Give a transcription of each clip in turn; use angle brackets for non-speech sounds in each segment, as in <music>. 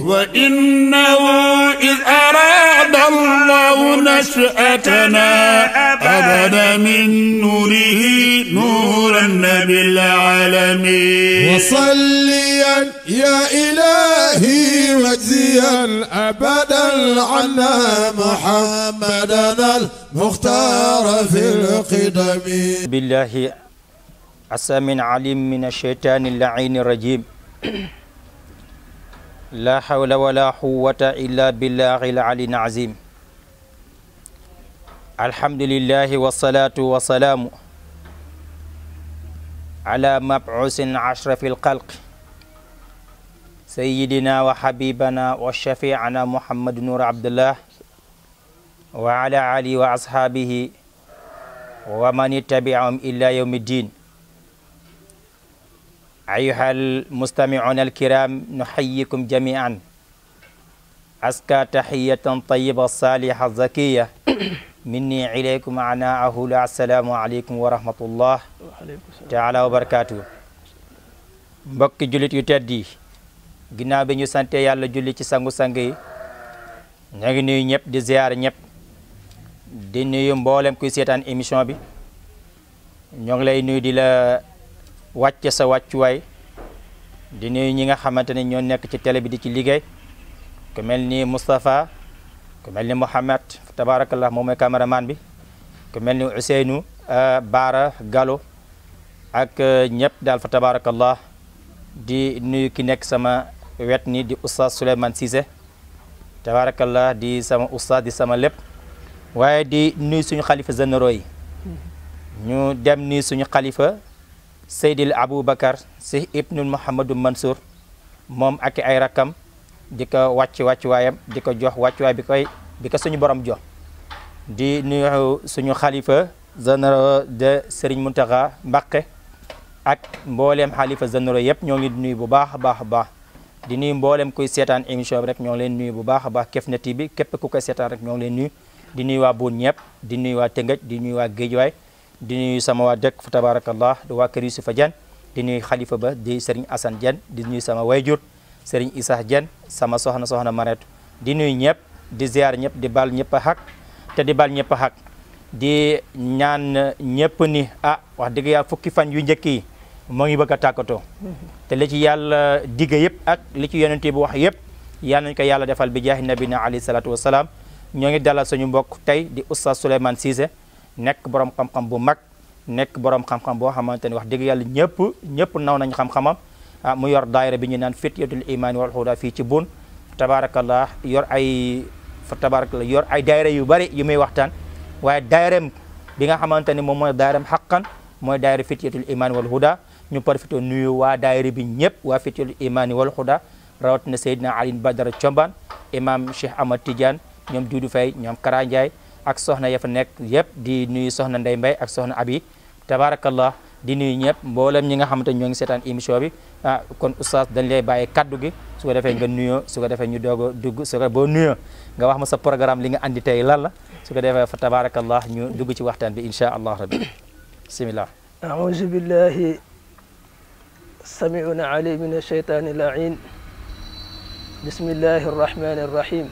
وإنه إذ أراد الله نشأتنا أبدا من نوره نورا بالعالمين وصليا يا إلهي وجزيا أبدا عنا محمدنا المختار في القدم بالله عسى من عليم من الشيطان اللعين الرجيم لا حول ولا قوة إلا بالله العلي العظيم الحمد لله والصلاة والسلام على مبعوث أشرف الخلق سيدنا وحبيبنا وشفيعنا محمد نور عبد الله وعلى علي وأصحابه ومن تبعهم إلى يوم الدين أيها المستمعون الكرام نحييكم جميعا أسكى تحية طيبة صالحة زكية <coughs> مني إليكم أنا أهلا السلام عليكم ورحمة الله تعالى وبركاته مبكي جلت يتدي جنا بنيو سانتي يالا جلت سانغو سانغي نغني نيب دي زيار نيب دي نيو مبولم كي سيتان إميشن بي نيو لأي نيو دي wàcce sa wàccuwaay di nuyu ñi nga xamante ne ñoo nekk ci télé bi di ci liggéey ku mel ni Moustapha ku mel ni Mouhamed tabaarakallah moom mooy caméraman bi ku mel ni Ousseynou euh, bara galo ak euh, ñëpp daal fa tabaarakallah di nuyu ki nekk sama wet ni di oustaz Souleymane Cissé tabaarakallah di sama oustaz sama lépp waaye di nuyu suñu xalifa généraux yi mm-hmm. ñu dem nuyu suñu xalifa Seydil Abu Bakar si ibnu Muhammad Mansour moom ak ay rakam di ko wàcc wàccuwaayam di ko jox wàccuwaay bi koy bi suñu borom jox di nuyu suñu xalifa général de Serigne Mountakha Mbacké ak mbooleem xalifa généraux yëpp ñoo ngi nuyu bu baax baax baax di nuyu mbooleem kuy setan émission rek ñoo leen nuyu bu baax a baax Kifne TV bi képp ku koy seetaan rek ñoo leen nuyu di nuyu waa di nuyu waa di nuyu waa di nuyu sama waa dëkk fa tabarakallah di waa kër Yusufa Dini di nuyu xalifa ba di Serigne Assane Diagne di nuyu sama wayjur Serigne Issa Diagne sama soxna soxna Maretu di nuyu ñëpp di ziar ñëpp di bal ñëpp a xaq te di baal ñëpp a xaq di ñaan ñëpp ni ah wax fukki fan yu ngi bëgg te li ci digge ak li ci yonente bi wax yëpp yàlla nañ ko yàlla defal bi nabi na alayhi salaatu wasalaam ñoo ngi dalal suñu mbokk di oustaz Souleymane Cissé nekk borom xam-xam bu mag nekk borom xam-xam boo xamante ni wax dëgg yàlla ñëpp ñëpp naw nañ xam-xamam ah, mu yor daayira bi ñu naan fityatul imaani wal huda fii ci bun tabaarakallah yor ay fa tabaarakallah yor ay daayira yu bari yu muy waxtaan waaye daayiraam bi nga xamante ni moom mooy daayiraam xaqan mooy daayira fityatul imaani wal huda ñu profité waa daayira bi ñëpp waa fityatul imaani wal huda rawatina Seydina Alioune Badara Thiombane imam Cheikh Ahmad Tidiane ñoom Doudou Faye ñoom Kara ak soxna ya nek nekk di nuyu soxna Ndey Mbay ak soxna Abi tabarakallah di nuyu ñëpp mboolem ñi nga setan ñoo ngi émission bi ah kon oustaz dañ lay bàyyi kaddu gi su ko defee nga nuyoo su ko defee ñu doog a dugg su ko boo nuyoo nga wax ma sa programme li nga andi tey lan la su ko fa tabarakallah ñu dugu ci waxtaan bi insha allah rabbi bismillah أعوذ بالله السميع العليم من الشيطان اللعين بسم الله الرحمن الرحيم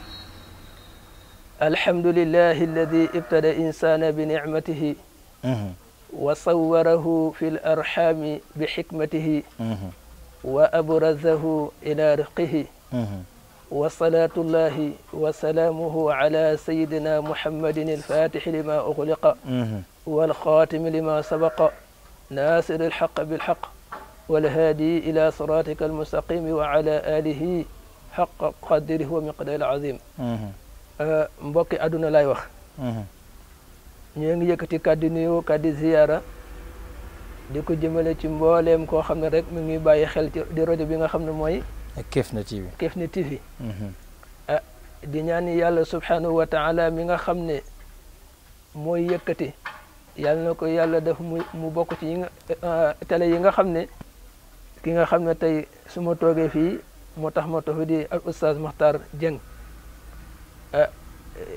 الحمد لله الذي ابتدى الإنسان بنعمته وصوره في الأرحام بحكمته وأبرزه إلى رقه وصلاة الله وسلامه على سيدنا محمد الفاتح لما أغلق والخاتم لما سبق ناصر الحق بالحق والهادي إلى صراطك المستقيم وعلى آله حق قدره ومقدار العظيم Euh, mbokki àdduna lay wax mhm. ñu ngi yëkkati kàddu nuyoo kàddu ziyaara di ko jëmale ci mbooleem koo xam ne rek mu ngi bàyyi xel ci di rajo bi nga xam ne mooy Kifne TV Kifne TV mhm. ah di ñaan yàlla subhanahu wa taala mi nga xam ne mooy yëkkati yàlla na ko yàlla def mu mu bokk ci yi nga ah, télé yi nga xam ne ki nga xam ne tey su ma toogee fii moo tax ma toog di al oustaz Makhtar Dieng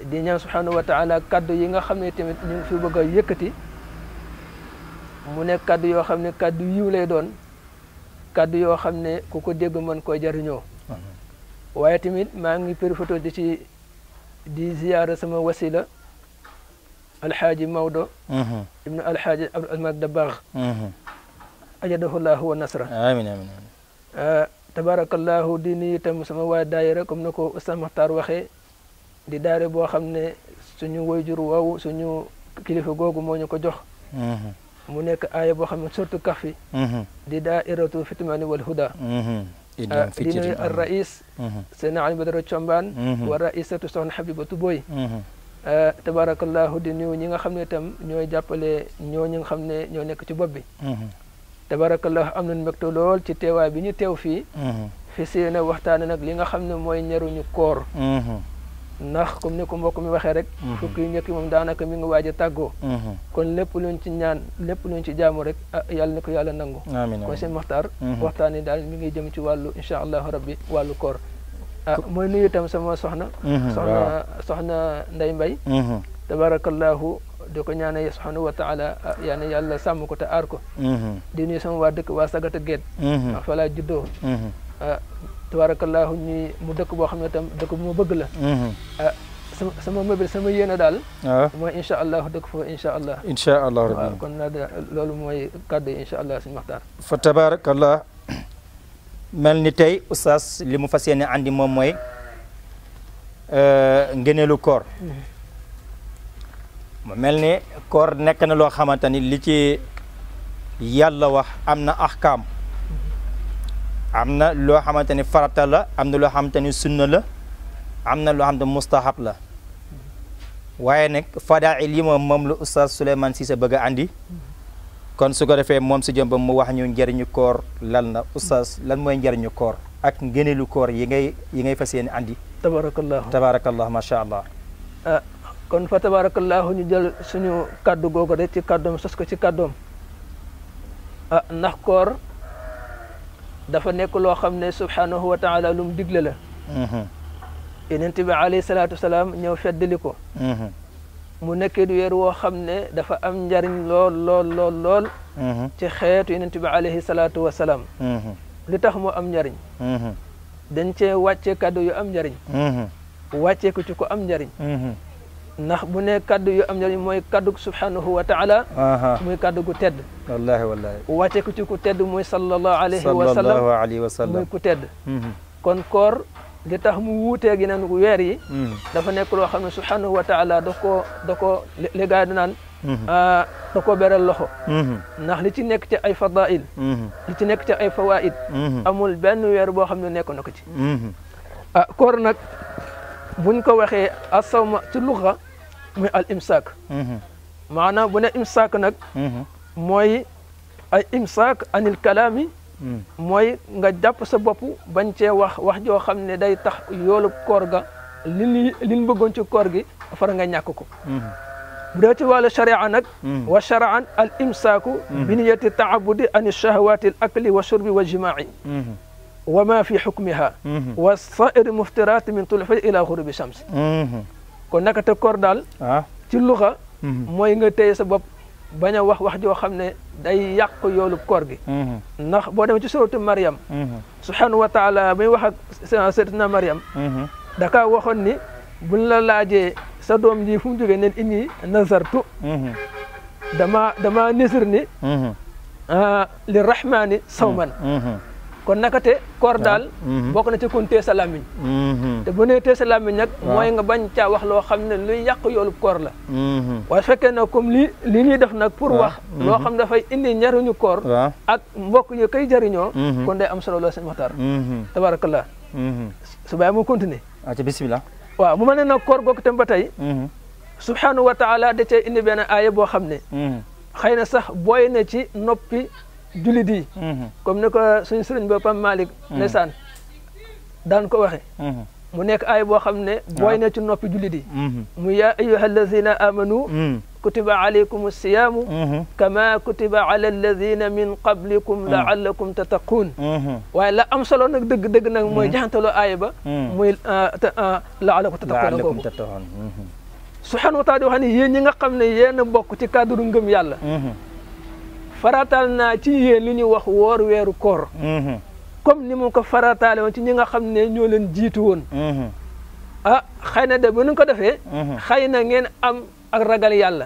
di ñaan subhanahu wa taala kaddu yi nga xam ne tamit ñu ngi fi bëgg a yëkkati mu nekk kaddu yoo xam ne kaddu yiw lay doon kaddu yoo xam ku ko dégg mën koy jariñoo waaye tamit maa ngi profité di ci di ziyaara sama wasila alxaaji Maodo ibnu alxaaji Abdul Ahad Dabakh ajadahu llahu wa nasra amiin amiin tabarakallahu di itam sama waa daayira comme na ko Oustaz waxee di daare boo xam ne suñu wayjur waaw suñu kilifa googu moo ñu ko jox mhm. mu nekk aaya boo xam ne surtout kaf fi mhm. di daa iratu fitmaani wal huda mhm. di ah, nuyu al rais seen Ali Badara Combaan wa raisatu soxna Habibatu Boy ah, tabaarakallahu di nuyu ñi nga xam ne itam ñooy jàppale ñoo ñi nga xam ne ñoo nekk ci bopp bi tabaarakallahu am nañ mbégte lool ci teewaay bi ñu teew fii fi seen waxtaane nag li nga xam ne mooy ñaruñu koor ndax comme ni ko mbokk mi waxee rek yi mhm. yu njëkk moom daanaka mi ngi waaj a tàggoo mhm. kon lépp luñ ci ñaan lépp luñ ci jaamu rek ah yàlla na ko yàlla nangu kon seen maxtaar mhm. waxtaan yi daal mi ngi jëm ci wàllu incha allahu rabbi wàllu koor ah mooy nuyu itam sama soxna soxna soxna Ndey Mbay tabarakallahu di ko ñaanal subhanahu wa taala ah, yaa yàlla sàmm ko te aar ko di nuyu sama waa dëkk waa sagata géet fa laa juddoo ah, tabaarakallaahu ñuy mu dëkk boo xam ne tam dëkk bu ma bëgg la mhm. ah, sama sama mobile sama yéene daal ah. mooy incha allah dëkk foofu incha rabbi kon naa loolu mooy kàddu yi incha allah suñu maxtaar mel ni tey oustaz li mu fa fas yéene andi moom mooy euh, ngëneelu koor mhm. mu mel ni koor nekk na loo xamante ni li ci yàlla wax am na ahkaam Amna na loo farata la amna na loo sunna la amna na loo mustahab la waaye nag fadail yi moom moom la oustaz Souleymane andi kon su ko defee moom si jëm ba mu wax ñu njëriñu koor lan la oustaz lan koor ak ngëneelu koor yi ngay yi ngay andi. Tabarakallah. Tabarakallah, macha allah. Ah, kon fa Tabarakallah ñu jël suñu kaddu googu rek ci kaddoom sos ci ah koor. dafa nekk loo xam ne subhaanahu wa taala lu mu digle la mhm. yonent bi alayhi salaatu wasalaam ñëw feddali ko mhm. mu nekk du weer woo xam ne dafa am njariñ lool lool lool lool mhm. ci xeetu yonent bi alayhi salaatu wasalaam li tax mu am njariñ dañ cee wàcce kàddu yu am njariñ wàcce ko ci ko am njariñ ndax bu ne kaddu yu am njëriñ mooy kaddu subhanahu wa taala muy kaddu gu tedd wallaahi wallaahi wàcce ku ci ku tedd muy sallallahu alayhi wa sallam wa sallam muy ku tedd mhm. kon koor gi tax mu wuutee gi neen weer yi mhm. dafa nekk loo xam ne subhanahu wa taala da koo da koo li gaa yi mhm. ah, koo beral loxo ndax li ci nekk ci ay fadail li ci nekk ci ay fawaid amul benn weer boo xam ne nekk na ko ci ah koor nag buñ ko waxee asawma ci luxa من الإمساك معنا بنا إمساك نك موي أي إمساك عن الكلام موي نجاب سببو بنتي وح وح جو خم نداي تح يولب كورغا لين لين بعنتو كورغي فرعنا نياكوكو برأتي وعلى شرع نك وشرع الإمساك بنية تعبد عن الشهوات الأكل والشرب والجماع وما في حكمها والصائر مفترات من طلفة إلى غروب الشمس kon naka te kor daal. Ah. ci luxa. Mhm. mooy nga tee sa bopp bañ a wax wax joo xam ne day yàq yoolu koor gi. Mhm. ndax boo demee ci suratu Mariam. Mhm. subhanahu wa taala muy wax ak na Mariam. da kaa waxoon ni buñ la laajee sa doom ji fu mu ne neen inni nazartu. dama dama nisir ni. Ah, li rahmaani sawman. kon nakate koor ah. daal mm-hmm. bokk na ci kon tée sa làmmiñ mm-hmm. te bu nee tée sa làmmiñ nag mooy nga bañ caa wax loo xam ne luy yàq yoolu koor la mm-hmm. waa fekkee nag comme lii lii ñuy def nag pour wax loo xam dafay indi njariñu koor ak mbokk yu koy jariñoo kon day am solo lool seen waxtaan tabarakallah su bàyyi mu continuer ah, ci bismillah waaw mu ma ne nag koor googu ba tey subhanahu wa taala da cee indi benn aaya boo xam ne xëy na sax booy na ci noppi jullit yi mhm. comme ni ko suñu sëriñ ba Pam Malick mhm. daan ko waxe mhm. mu nekk aay boo xam ne booy na ci noppi juli yi mu yaa ayyuha allazina amanu kutiba alaykum siyaamu kama kutiba ala alladina min qablikum laallakum tattaquun waaye la am solo nag dëgg dëgg nag mooy jaxantaloo aaya ba muy euh, euh, laallakum tattaquun subhanahu wa taala di wax ne yéen ne yéen a bokk ci cadre ngëm yàlla faratal naa ci yéen lu ñuy wax woor weeru koor mhm. comme ni mu ko farataale ci ñi nga xam ne ñoo leen jiitu woon mhm. ah xëy na de bu ñu ko defee mhm. na ngeen am ak ragal yàlla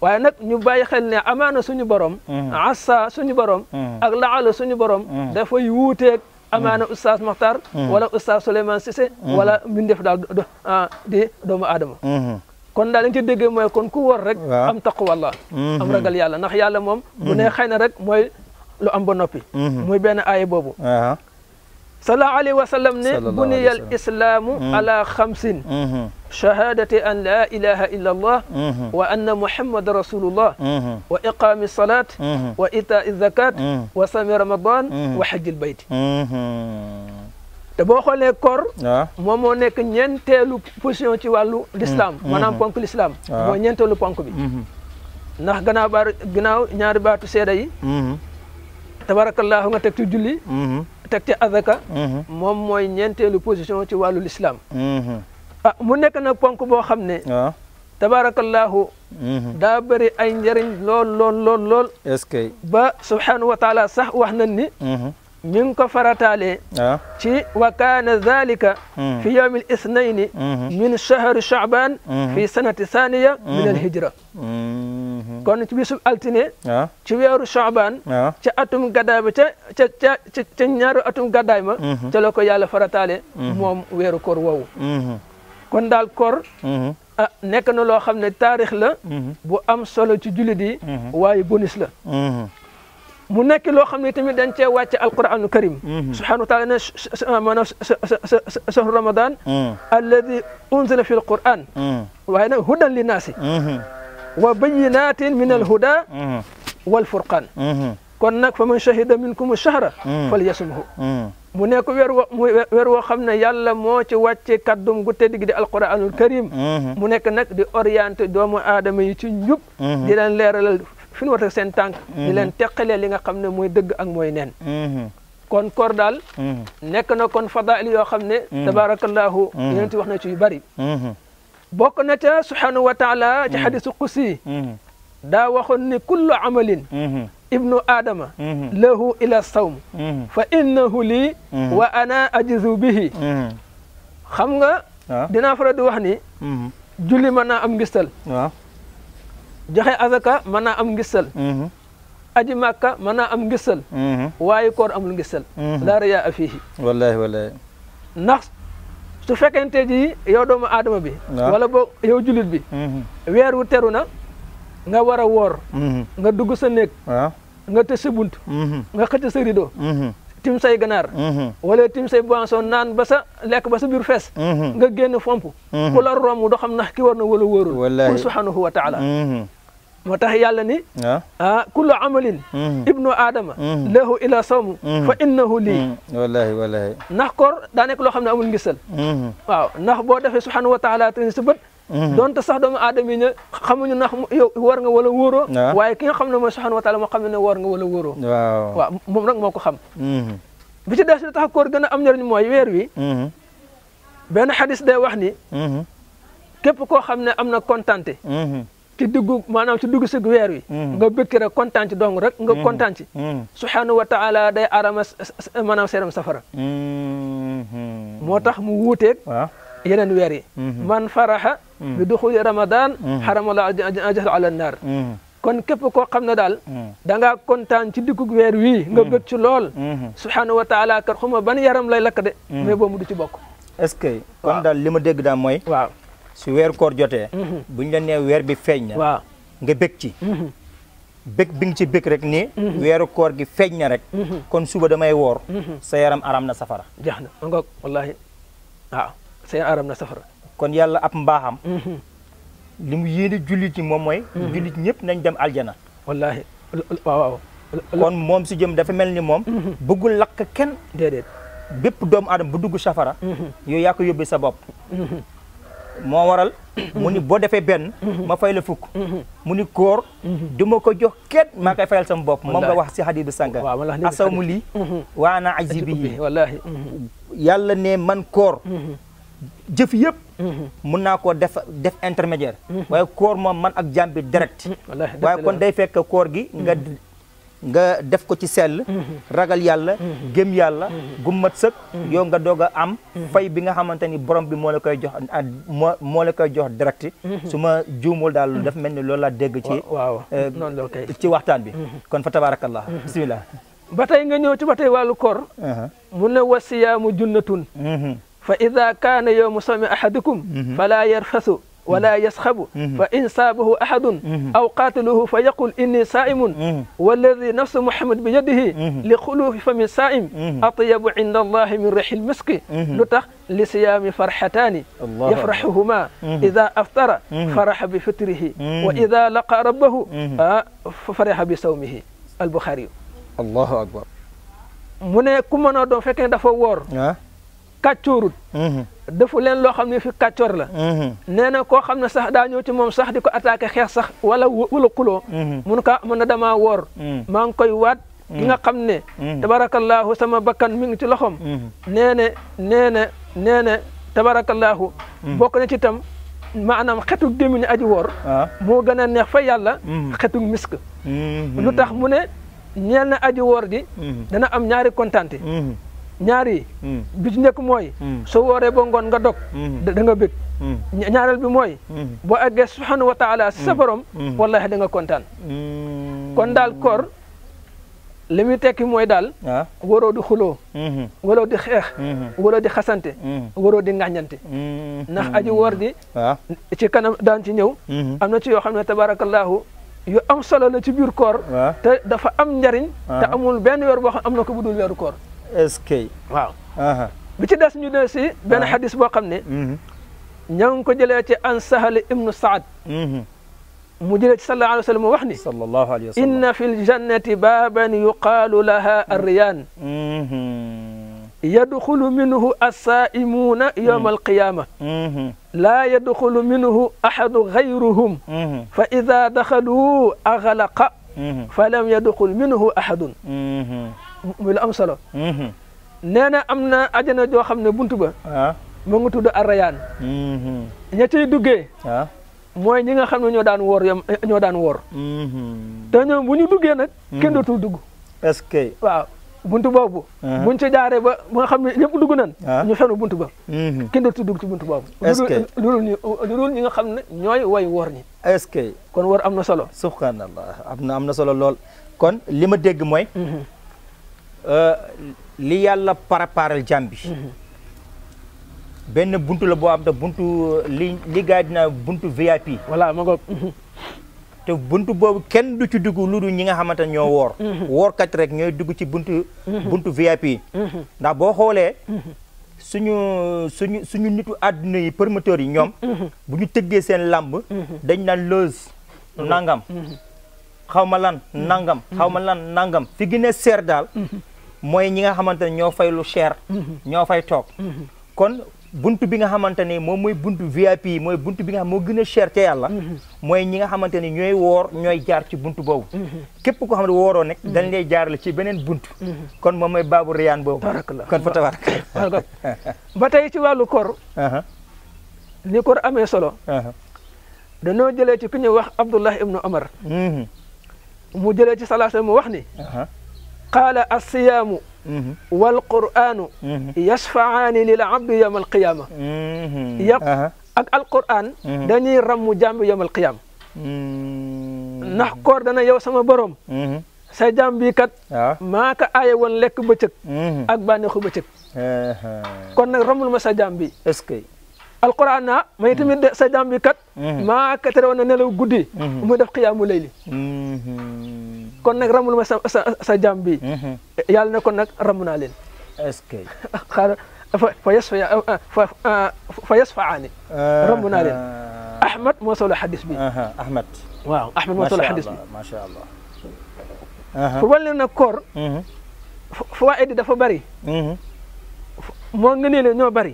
waaye nag ñu bàyyi xel ne amaana suñu borom assa suñu borom ak laala suñu borom dafay wuuteeg amaana oustaz Maxtar wala oustaz Souleymane Cissé wala mbindeef daal ah, di doomu aadama kon daal li ñu ci déggee mooy kon ku war rek. am taqwallah am ragal yàlla ndax yàlla moom. bu ne xëy na rek mooy lu am ba noppi. muy benn aaya boobu. sallallahu alayhi wa sallam ne buniya al islaamu ala xamsin. shahadati an laa ilaha illa allah. wa anna muhammadan rasulullah. wa iqaami salaat. wa itaa zakat. wa sami ramadan. wa xajjil bayt. te boo xoolee koor ah. moom moo nekk ñeenteelu position ci wàllu l'islam mm. maanaam mm-hmm. ponk l'islam ah. mooy ñeenteelu ponk bi mm-hmm. ndax gannaaw baar gannaaw ñaari baatu seeda yi mm-hmm. tabarakallahu nga teg ci julli teg ci azaka moom mooy ñeenteelu position ci wàllu l'islam ah mu nekk nag ponk boo xam ne ah. tabarakallahu daa bari ay njëriñ lool lool lool lool ba subhanahu wa taala sax wax nañ ni نينكو فراتالي آه. تي وكان ذلك في يوم الاثنين من شهر شعبان في سنه ثانيه من الهجره كون تي بيسو التيني تي آه. ويرو شعبان تي آه. اتوم غداي تي تي نيار اتوم غداي ما تي لوكو يالا فراتالي موم ويرو كور وو كون دال كور نيك لو خامني تاريخ لا بو ام سولو تي جولي دي واي بونيس لا mu nekk loo xam ne tamit dañ cee wàcce alquranu karim subhanahu wa taala ne maanaam shahru ramadan alladi unzila fi alquran waaye nag hudan li naasi wa bayinatin min alhuda walfurqan kon nag fa man shahida minkum shahra falyasumhu mu nekk weer wo mu weer woo xam ne yàlla moo ci wàcce kaddum gu tedd gi di alquranul karim mu nekk nag di orienté doomu aadama yi ci njub di leen leeralal fi ñu war rek seen tànk di leen teqalee li nga xam ne mooy dëgg ak mooy nen kon koor daal nekk na kon fadail yoo xam ne tabarakallahu yonent wax na ci yu bari bokk na ca subhanahu wa taala ci xadisu qusi daa waxoon ni kullu amalin ibnu adama lahu ila sawm fa innahu li wa ana ajizu bihi xam nga dinaa faral di wax ni julli mën naa am ngistal waaw joxe azaka mën naa am ngisal mm-hmm. aji màkka mën naa am ngisal mm-hmm. waaye koor amul ngisal mm-hmm. laa riyaa a fiihi wallaahi wallaahi ndax su fekkente ji yow doomu aadama bi wala boog yow julit bi weer wu teru na nga war a woor nga dugg sa néeg nga te sa bunt nga xëcc sa rideau tim say ganaar wala tim say boisson naan ba sa lekk ba sa biir fees nga génn fomp ku la romb doo xam ndax ki war na wala wóorul subhanahu wa taala moo tax yàlla ni ah, ah kullu amalin mm-hmm. ibnu aadama mm-hmm. lahu ila sawmu mm-hmm. fa innahu li wallahi ndax koor daa nekk loo xam ne amul ngisal waaw ndax boo defee subhanahu wa taala te sa bët donte sax doomu aadama yi ne xamuñu ndax yow war nga wala wóoroo ah. waaye ki nga xam ne mooy subhanahu wa taala moo xam ne war nga wala moom nag moo ko xam bi ci des li tax koor gën a am njëriñ mooy weer wi benn xadis day wax ni képp koo xam ne am na kontante ci diggu maanaam ci dugg sëg weer wi mm-hmm. nga bëkki rek kontaan ci dong rek nga mm-hmm. kontaan ci mm-hmm. subhaanahu wa taala day arama maanaam seeram safara moo tax mu wuuteeg yeneen weer yi man faraxa bi duxuli ramadan xaramala ajal ala naar kon képp koo xam ne daal danga ngaa kontaan ci dikkug weer wi nga bëgg ci lool subhaanahu wa taala kat xuma ban yaram lay lakk de mais boobu du ci bokk est-ce daal li ma dégg daal su weer koor jotee mhm. bu ñu la nee weer bi feeñ na waaw nga bég ci mhm. bëgg bi nga ci bëgg rek nii mhm. weeru koor gi feeñ na rek kon suba damay woor sa yaram aram na safara jeex na ngoog na safara kon yàlla ab mbaaxam li mu yéene jullit yi moom mooy jullit ñëpp nañ dem aljana wallaahi waaw kon moom si jëm dafa mel ni moom bëggul lakk kenn déedéet bépp doomu aadama bu dugg safara yooyu yaa ko yóbbee sa bopp moo waral mu ni boo defee benn mhm. ma fay la fukk mhm. mu ni koor mhm. du ma ko jox ket maa koy fayal sama bopp moom nga wax si xadiisu sànga asaw mu lii waa naa bi yi yàlla ne man koor jëf yëpp mun naa ko def def intermédiaire waaye koor moom man ak jàmm bi direct waaye kon day fekk koor gi nga def ko ci sell ragal yàlla gëm yàlla gummat sëg yow nga doog a am fay bi nga xamante ni borom bi moo la koy jox ah, moo moo la koy jox direct su ma juumul daal daf mel ni loolu laa dégg ci euh, la kay ci waxtaan bi kon fa tabaarakallah mhm. bisimilah ba tey nga ñëw ci ba tey wàllu koor uh-huh. mu ne wasiyaamu junnatun mhm. fa ida kaana yowmu sawmi ahadukum mhm. fala yarfasu ولا يسخب فإن صابه أحد أو قاتله فيقول إني صائم والذي نفس محمد بيده لخلوه فم صائم أطيب عند الله من ريح المسك نتخ لصيام فرحتان يفرحهما إذا أفطر فرح بفطره وإذا لقى ربه آه، فرح بصومه البخاري الله أكبر من ne دون فكين دفور آه. كاتشورد defu leen loo xam ne fi kàccoor la mm-hmm. nee na koo xam ne sax daa ci moom sax di ko attaqué xeex sax wala wala xuloo mm-hmm. mun ka mun na dama woor mm-hmm. maa ngi koy waat ki nga xam ne tabarakallahu sama bakkan mi ngi ci loxom nee ne nee ne nee ne tabarakallahu bokk na ci tam maanaam xetug gémmiñ aji woor ah. moo gën a neex fa yàlla xetug misk lu tax mu ne ñeel na aji woor ji dana am ñaari kontaante ñaar yi hmm. bi ci njëkk mooy hmm. soo wooree ba ngoon nga dog hmm. da nga bëgg ñaareel bi mooy boo eggee subhanahu wa taala si sa borom wallahi da nga kontaan kon daal koor li muy tekki mooy daal waroo di xuloo waroo di xeex waroo di xasante waroo di ngañante ndax aji woor di ci kanam daan ci ñëw am na ci yoo xam ne tabarakallahu yu am solo la ci biir koor te dafa am njariñ te amul benn weer boo xam am na ko bu dul weeru koor SK waaw bi ci des ñu ne si benn xadis boo xam ne ña ngi ko jëlee ci an sahal ibnu saad mu jëlee ci sallallahu alayhi wa sallam wax ni sallallahu alayhi wa sallam inna fi ljannati baaban yuqaalu laha arriyaan يدخل منه السائمون يوم القيامة لا يدخل منه أحد غيرهم فإذا دخلوا أغلق فلم يدخل منه أحد muy lu am solo. Mm-hmm. nee na am na ajana joo xam ne buntu ba. Ah. mu ngi tudd Arrayaan. Mm-hmm. ña cay duggee. Ah. mooy ñi nga xam ne ñoo daan woor ñoo daan woor. Mm-hmm. te ñoom bu ñu duggee nag. kenn dootul dugg. sk ce que waaw buntu boobu. Ah. buñ ci jaaree ba ba xam ne ñëpp dugg nañ. ñu xenu buntu ba. kenn dootul dugg ci buntu boobu. est-ce que nga xam ne ñooy way woor ñi. est-ce kon woor am na solo. subhanallah am na am na solo lool kon li ma dégg mooy. Euh, li yàlla préparel jàmm bi benn buntu la boo am te buntu euh, li li buntu VIP. voilà ma ngoog te buntu boobu kenn du ci dugg lu dul ñi nga xamante ne ñoo woor woorkat rek ñooy dugg ci buntu buntu VIP ndax boo xoolee suñu suñu suñu nitu àdduna yi promoteurs yi ñoom bu ñu tëggee seen làmb dañ naan loose nangam xaw lan nangam xaw lan nangam fi gën seer daal mooy ñi nga xamante ne ñoo fay lu cher. Mm-hmm. ñoo fay toog. Mm-hmm. kon buntu bi nga xamante ne moom mooy bunt VIP yi mooy bunt bi nga xam moo gën a cher ca yàlla. Mm-hmm. mooy ñi nga xamante ne ñooy woor ñooy jaar ci buntu boobu. képp koo xam ne wooroo nekk. dañ lay jaarale ci beneen buntu. kon moom mooy baabu riyaan boobu. kon fa tabarak ba tey ci wàllu kor. Uh-huh. ni kor amee solo. Uh-huh. danoo jëlee ci ku ñuy wax Abdullah Ibnu Omar. mu jëlee ci salaasa mu wax ni. Uh-huh. qaala alsiyaamu walqur'aanu yashfaaani lil abdi yawma alqiyaama yëpp ak alqur'aan dañuy rammu jàmbi yawma alqiyaama ndax koor dana yow sama borom sa jàmm bii kat maa ko aaye woon lekk bëccëg ak bànneexu bëccëg kon nag romul ma sa jàmm bi est-ce que alquran naa may tamit sa jàmm bi kat maa ko tere woon na nelaw guddi mu def xiyaamu layli kon nak ramul ma sa sa sa bi yàlla ne kon nak ramuna len leen est-ce que xaar fa yasfa fa yasfaani ramu naa leen ahmad moo solo hadith bi ahmed waaw ahmed mo solo hadith bi ma sha allah pour wal kor nag wa edi dafa bari mo nga nee leen ñoo bari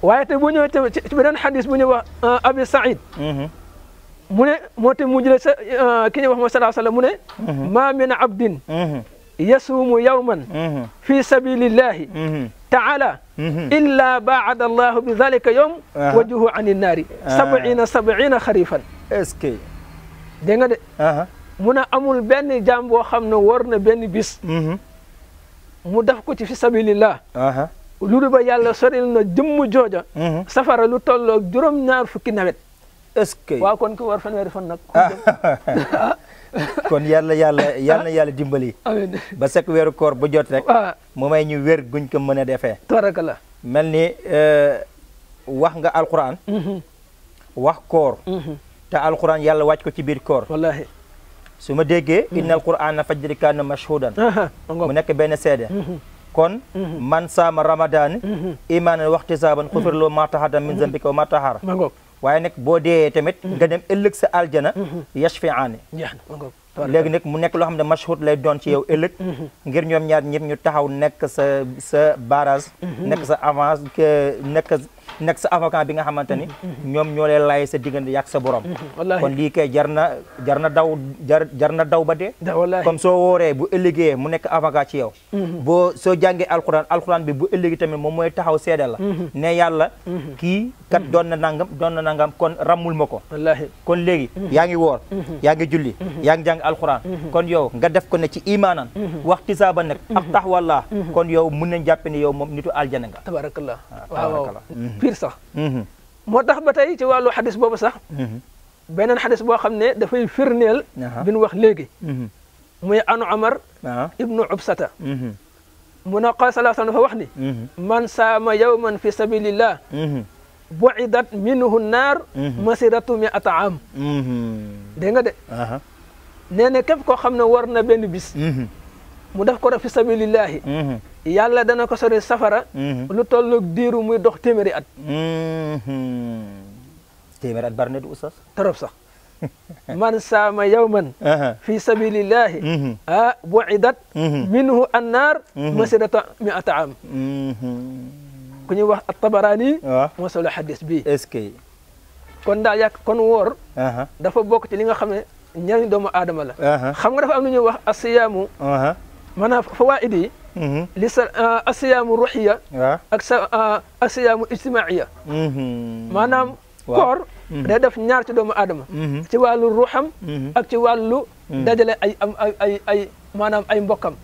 waye te bu ñëwee tamit ci benen hadith bu ñuy wax abi saïd mu ne moo tax mu jëlee sa ki ñuy wax mooy salaa sallam mu ne. maa min abdin. yasuumu yawman. fi sabilillahi. taala. illa baada allahu bi dalika yawm. wajuhu ani naari. sabciina sabciina xarifan. est-ce que. dégg nga de. mu ne amul benn jaam boo xam ne war na benn bis. mu def ko ci fi sabilillah. lu dul ba yàlla soril na jëmm jooja. safara lu tolloog juróom-ñaar fukki nawet. est waaw kon ku war fanweeri fan nag kon <laughs> yàlla yàlla yàlla yàlla dimbali ba sek weeru koor bu jot rek mu may ñu wér guñ ko mën a defee la mel ni euh, wax nga alquran mm-hmm. wax koor mm-hmm. te alquran yàlla wàcc ko ci biir koor su ma déggee inna alqurana fajri kaana mashhudan mu nekk benn seede mm-hmm. kon man saama ramadaan imaanan waxtisaaban xufir loo ma taxadam min zambika wa ma taxar waaye nag boo deeyee tamit mm-hmm. nga dem ëllëg sa aljana mm-hmm. yashfi'aani léegi nag mu nekk loo xam ne mashhud lay doon ci yow ëllëg mm-hmm. ngir ñoom ñaar ñëpp ñu taxaw nekk sa sa barrage nekk sa avance nekk nekk sa avocat bi nga xamante ni ñoom ñoo lay lay sa diggante jarna sa borom mm-hmm. kon lii kay jarna jarna jar na daw jarna na daw ba dee comme soo wooree bu ëllëgee mu nekk avocat ci yow mm-hmm. boo soo jàngee alxuraan alxuraan bi bu ëllëgee tamit moom mooy taxaw seede la mm-hmm. ne yàlla kii kat doon na nangam doon na nangam kon ramul ma ko kon léegi yaa ngi woor yaa ngi julli yaa ngi jàng kon yow nga def ko ne ci imaanan waxti saa ba nag ak taxwallaa kon yow mun nañ jàpp ne yow moom nitu aljana nga tabarakallah ah, waaw biir sax. Mhm. moo tax ba tey ci wàllu xadis boobu sax. Mhm. beneen xadis boo xam ne dafay firndeel. bi nu wax léegi. Mhm. muy anu Amar. ibnu Ubsata. mu ne qaala sallallahu alayhi wa sallam dafa wax ni. man saama yawman fi sabilillah. bu'idat minhu naar. masiratu mi'ata am. dégg nga de. nee na képp koo xam ne war na benn bis. mu def ko rek fi sabilillahi. yàlla dana ko sori safara. Mhm. lu tolloog diiru muy dox téeméeri at. Mhm. téeméeri at bari na du oustaz. trop sax <laughs> man saama yawman. fi sabilillahi. ah bu'idat. minhu annaar. masirata mi'ata am. ku ñuy wax at-Tabarani. waaw moo solo kon daal kon woor. dafa bokk ci li nga xam ne ñaari doomu aadama la. xam nga dafa am lu ñuy wax asiyaamu. maanaam fawaa'id yi. li sa ah, asiyaamu ruxiya ak sa ah, asiyaamu ijtimaiya mm-hmm. maanaam koor mm-hmm. day def ñaar ci doomu aadama mm-hmm. ci wàllu ruuxam ak ci wàllu dajale ay am ay maanaam ay mbokkam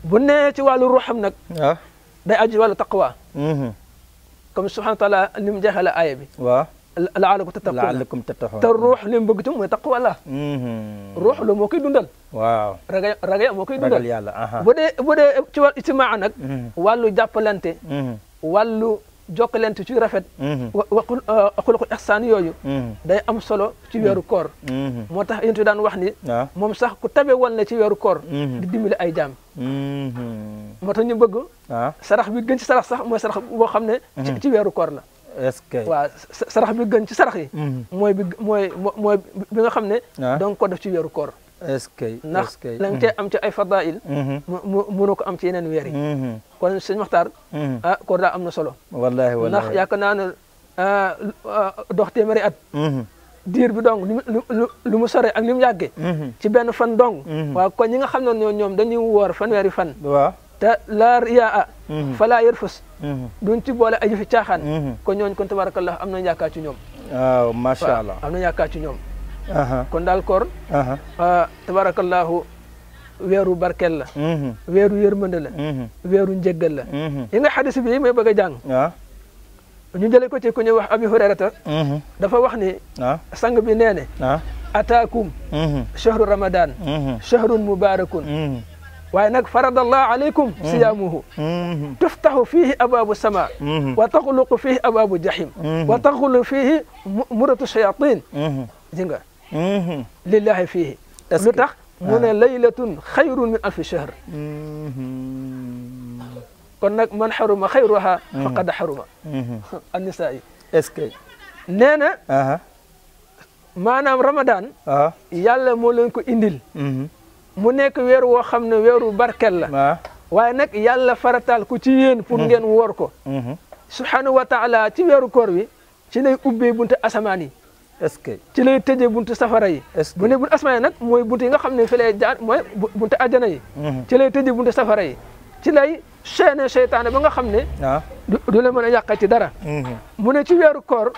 bu ci wàllu ruuxam nag day aju wàllu taqwa comme subhana taala ni mu jeexale aaya bi waaw العالم تتقوى لعلكم تتقوى تروح لم بقتم وتقوى الله روح لو موكي دوندال واو رجاء رجاء موكي دوندال يلا اها بودي بودي تي اجتماع نك والو جابلانتي والو جوكلنت تي رافيت وقل آه، اقول لك احسان يوجو داي ام سولو تي ويرو كور موتاخ ينتو دان واخني آه. موم صاح كو تابي وون لا تي ويرو كور دي ديمل اي جام موتاخ ني بوجو صراخ بي گنتي صراخ صاح مو صراخ بو خامني تي ويرو كور لا est-ce que waaw sarax bi gën ci sarax yi. Mhm. mooy bi mooy mooy bi nga xam ne. Ah. donc ko def ci weeru koor. est-ce que ndax la mhm. nga am ci ay fadail. Mhm. mu mënoo ko am ci yeneen weer yi. kon sëñ Maxtaar. a ah, koor daa am na solo. wallaahi wallaahi ndax yaakaar naa ne ah, dox téeméeri at. diir bi dong lu mu sore ak li mu yàggee. ci benn fan dong. waaw kon ñi nga xam ne ñoom dañuy woor fanweeri fan. waaw te la riyaa. fa laa yarfus Mm-hmm. duñ ci boole ay yëfi caaxaan mm-hmm. kon ñooñu kon tabarakallah am nañ yaakaar ci macha allah am nañ yaakaar ci ñoom kon daal koor ah, tabarakallahu weeru barkeel la mm-hmm. weeru yërmande la weeru njëggal yi nga xadis bi may bëgg a jàng ah. ñu jëlee ko ci ku ñuy wax abi hurayrata dafa wax ni ah. sang bi nee ne ataakum shahru ramadan shahrun mubarakun وانك فرض الله عليكم صيامه تفتح فيه ابواب السماء وتغلق فيه ابواب الجحيم وتغلق فيه مرة الشياطين زينغا لله فيه لتخ من آه. ليلة خير من ألف شهر كون من حرم خيرها فقد حرم النساء اسكي نانا اها مانام رمضان اها يالا مولنكو انديل mu nekk weeru woo xam ne weeru barkel la waaye nag yàlla farataal ku ci yéen pour mm-hmm. ngeen woor ko mm-hmm. subhaanahu wa taala ci weeru koor wi ci lay ubbee buntu asamaan yi est que ci lay tëjee buntu safara yi bu ne buntu asamaan nag mooy buntu yi nga xam ne fi lay jaar mooy buntu ajana yi mm-hmm. ci lay tëjee buntu safara yi ci lay chaîne seytaane ba nga xam ne ah. du la mën a yàq ci dara mu ne ci weeru koor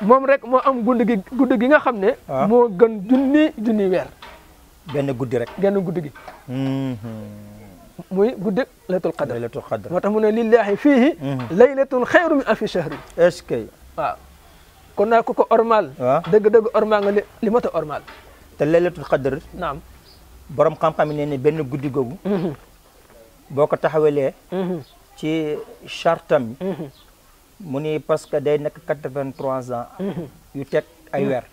moom rek moo am guddi gi gi nga xam ne ah. moo gën junni junni weer ben goudi rek ben goudi gi moy goudi laylatul qadr laylatul qadr motax tax ne lillahi fihi laylatul khair min alf shahr est wa kon na ku ko ormal deug degg ormal nga li mata ormal te laylatul qadr naam borom xam-xam yi nee ne benn guddi googu boo ko ci chartam yi mu parce que day nek 83 ans yu tek ay weer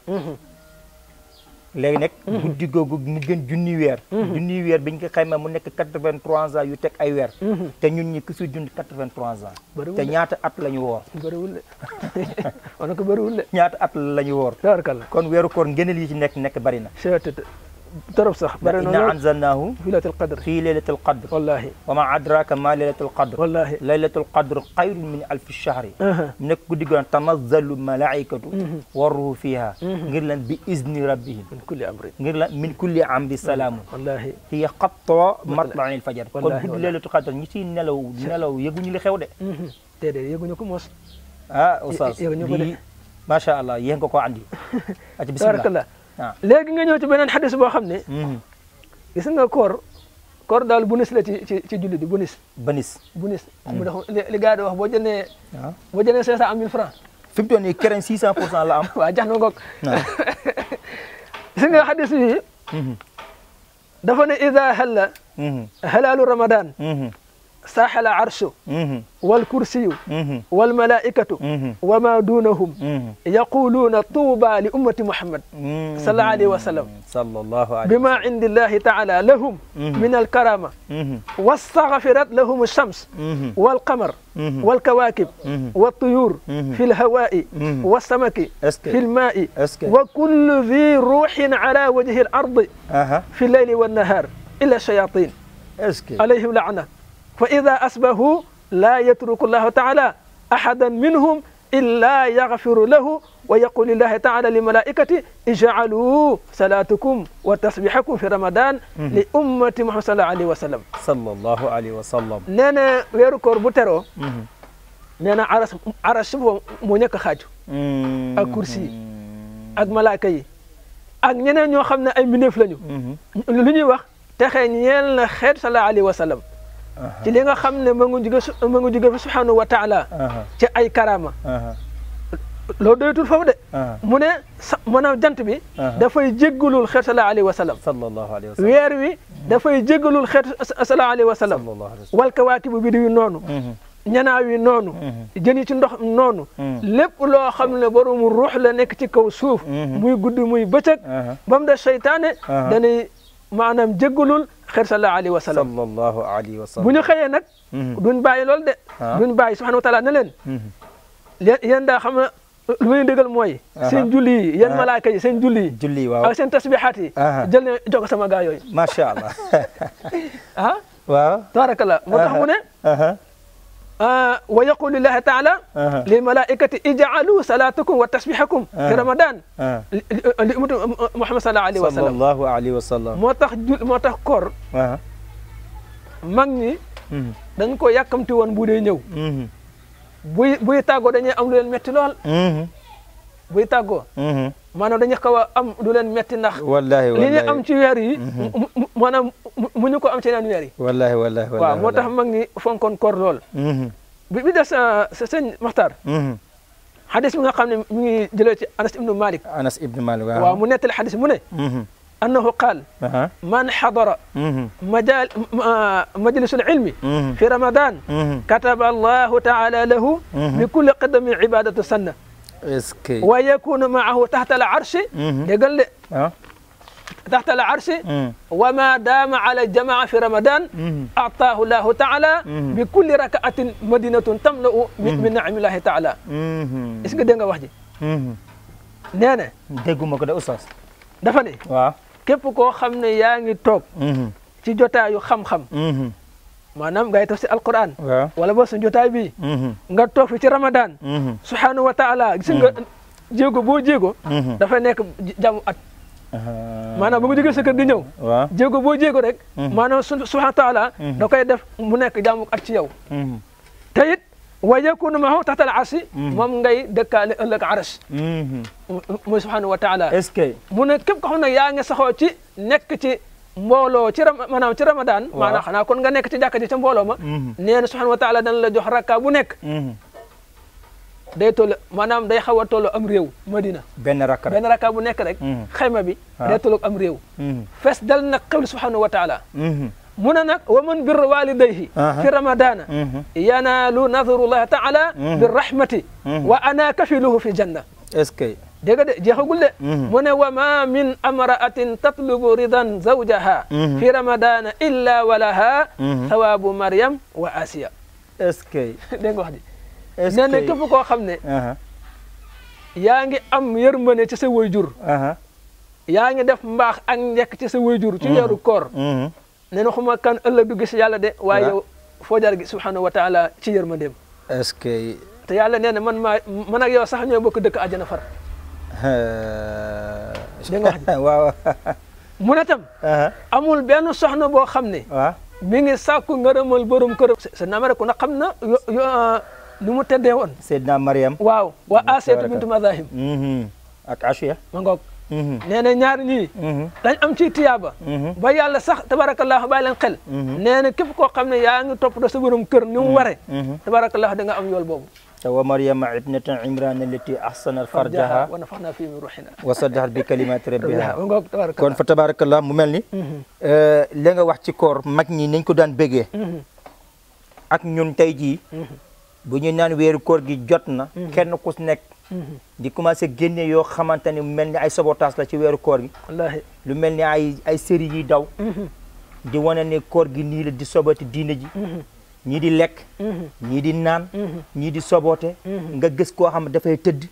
léegi nag mhm. guddi googu mu gën junni weer mhm. junni weer biñ ko xayma mu nekk quatre-vingt-trois ans yu teg ay weer mhm. te ñun ñi kisu dund quatre-vingt-trois ans te ñaata at la ñu woor bëriwul de on <laughs> ko bëriwul de ñaata at la ñu woor kon weeru koor ngëneel lii ci nekk nekk bari na ضرب صح إن أنزلناه في ليلة القدر في ليلة القدر والله وما أدراك ما ليلة القدر والله ليلة القدر خير من ألف شهر نكو ديغو تنزل الملائكة وروه فيها غير بإذن ربهم من كل أمر غير من كل أمر سلام والله هي قط مطلع الفجر والله كل ليلة القدر نيتي نلو نلو يغني لي خيو دي دي يغني كو موس اه استاذ ما شاء الله يهنكو عندي <laughs> بسم الله Ah. léegi nga ñëw ci beneen xadis boo xam ne. Hmm. gis nga koor koor daal bonus la ci ci ci julli di bonus. bonus bonus. xam hmm. nga li gars yi wax boo jëndee. waaw ah. boo jëndee 500 am 1000 francs. fi mu toll nii keroog pour cent la am. <laughs> waaw jax na ngoog. Ah. <laughs> gis nga xadis bi. Hmm. dafa ne Ida Halla. Halalu Ramadan. ساحل عرشه والكرسي والملائكة وما دونهم يقولون طوبى لأمة محمد صلى الله عليه وسلم صلى الله عليه بما عند الله تعالى لهم من الكرامة واستغفرت لهم الشمس والقمر والكواكب والطيور في الهواء والسمك في الماء وكل ذي روح على وجه الأرض في الليل والنهار إلا الشياطين عليهم لعنة فإذا أصبحوا لا يترك الله تعالى أحدا منهم إلا يغفر له ويقول الله تعالى للملائكة اجعلوا صلاتكم وتسبيحكم في رمضان لأمة محمد صلى الله عليه وسلم صلى الله عليه وسلم نانا ويرو كور بوترو نانا عرش عرش مونيك خاجو الكرسي kursi ak malaaka yi ak أي ñoo xam لنيو ay mbindeef lañu lu ñuy wax texe ñeel na ci li nga xam ne ma nga jóge ma ci ay karama loolu doyatul foofu de mu ne sa maanaam jant bi dafay jéggalul xeetu sallallahu alayhi wa sallam weer wi hmm. dafay jéggalul xeetu sallallahu alayhi wa sallam wal kawaakibu bi di noonu hmm. ñanaaw yi noonu hmm. jën ci ndox noonu lépp loo xam ne borom ruux la nekk ci kaw suuf muy gudd muy bëccëg ba mu des seytaane danay maanaam jéggalul xeer sallallahu alayhi wa sallam sallallahu alayhi wa sallam bu ñu xëyee nag mm-hmm. duñ bàyyi loolu de duñ bàyyi subhanahu wa taala ne leen mm-hmm. yéen daa xam na lu may dëggal mooy seen julli yi yéen malaaka yi seen julli yi julli waaw ak seen tasbihaat yi jël ne jox ko sama gaa yooyu macha allah ah <laughs> waaw tabaarakallah moo tax mu ne آه، ويقول الله تعالى للملائكة اجعلوا صلاتكم وتسبيحكم في رمضان محمد صلى الله عليه وسلم صلى الله عليه وسلم موتاخ tax jul moo tax koor mag ñi dañ ko بوي woon bu dee ñëw buy buy tàggoo buy tàggoo. maanaam dañu xaw a am du leen metti ndax. wallaahi wallaahi li ñu am ci weer yi. maanaam mu ñu ko am ci yeneen weer yi. wallaahi wallaahi waaw moo tax mag ñi fonkoon koor lool. bi bi des sa sëñ Maxtaar. xadis bi nga xam ne mi ngi jëlee ci Anas ibnu Malik. Anas ibnu Malik waaw waaw mu nettali xadis mu ne. أنه قال من حضر مجال مجلس العلم في رمضان كتب الله تعالى له بكل قدم عبادة سنة اسكي ويكون معه تحت العرش يقول لي تحت العرش وما دام على الجماعة في رمضان أعطاه الله تعالى بكل ركعة مدينة تملأ من نعم الله تعالى إيش قد ينقى وحدي نانا دقوا ما قد أساس دفني كيف كو خمنا ياني توب ci jotaayu xam-xam maanaam ngay si alquran wala boo suñu jotaay bi mhm. nga toog fi ci ramadan mhm. subhaanahu wa taala gis nga mhm. jéego boo jéego dafay nekk jàmm at ah. maanaam bu nga jógee sa kër di ñëw waaw jéego boo jéego rek maanaam subhaanahu wa taala da koy def mu nekk jàmm at ci yow te it wa yakunu maahu taxta al arsi moom ngay dëkkaale ëllëg aras muy subhaanahu wa taala est mu ne képp ko xam nga saxoo ci nekk ci mbooloo ci maanaam ci ramadan maanaam xanaa kon nga nekk ci jàkka ji ca mbooloo ma mhm. nee na taala dana la jox rakka bu nekk mhm. day toll maanaam day xaw a toll am réew madina benn rakka benn bu nekk rek mhm. xayma bi ah. day toll am réew dal nag xewli subhanahu taala mu ne nag wa man birra walidayhi fi ramadana yanaalu nadrullahi taala bi rahmati wa ana kafiluhu fi janna dégg nga de jeexagul de mhm. mu ne wa ma min amra'atin tatlubu ridan zawjaha mhm. fi ramadana illa walaha mhm. thawaabu maryam wa asiya est-ce que <laughs> dégg nga wax ji koo xam ne uh-huh. yaa ngi am yërmande ci sa waajur uh-huh. yaa ngi def mbaax ak njekk ci sa waajur ci weeru koor nee na xuma kan ëllëg du gis yàlla de waaye yow foo gi subhanahu wa taala ci yërmandeem est te yàlla nee ne man maa man ak yow sax ñoo bokk dëkk àjjana far <laughs> dégg nga waaw. <laughs> mu ne tam. Uh-huh. amul benn soxna boo xam ne. waaw uh-huh. mi ngi sàkku ngërëmal borom këram. Seydina Mariam ku ne xam na yo yo uh, nu mu teddee woon. Seydina Mariam. waaw wa mm-hmm. Asiyatu bintu Mazahim. Mm-hmm. ak Asiya. Mm-hmm. nee na ñaar ñii. dañ am ci tiyaaba. ba yàlla sax tabarakallah bàyyi leen xel. nee na képp koo xam ne yaa ngi toppatoo sa borom kër ni mu waree. tabarakallah da nga am yool boobu. wa maryama ibnata imran allati ahsanat farjaha wa nafaxna fi min ruhina wa saddaxat bi kalimati rabbiha <laughs> kon fa tabarakallah mu mel ni mm-hmm. eh, li wax ci koor mag ñi nañ ko daan bégee mm-hmm. ak ñun tey jii mm-hmm. bu ñu naan weeru koor gi jot na kenn ku nekk di commencé génne yoo xamante ni mu mel ni ay sabotage la ci weeru koor gi lu mel ni ay ay série yi daw di wane ne koor gi nii la di sobati diine ji ñii di lekk mhm. ñii di naan mhm. ñii di soboote mhm. nga gis koo xam ne dafay tëdd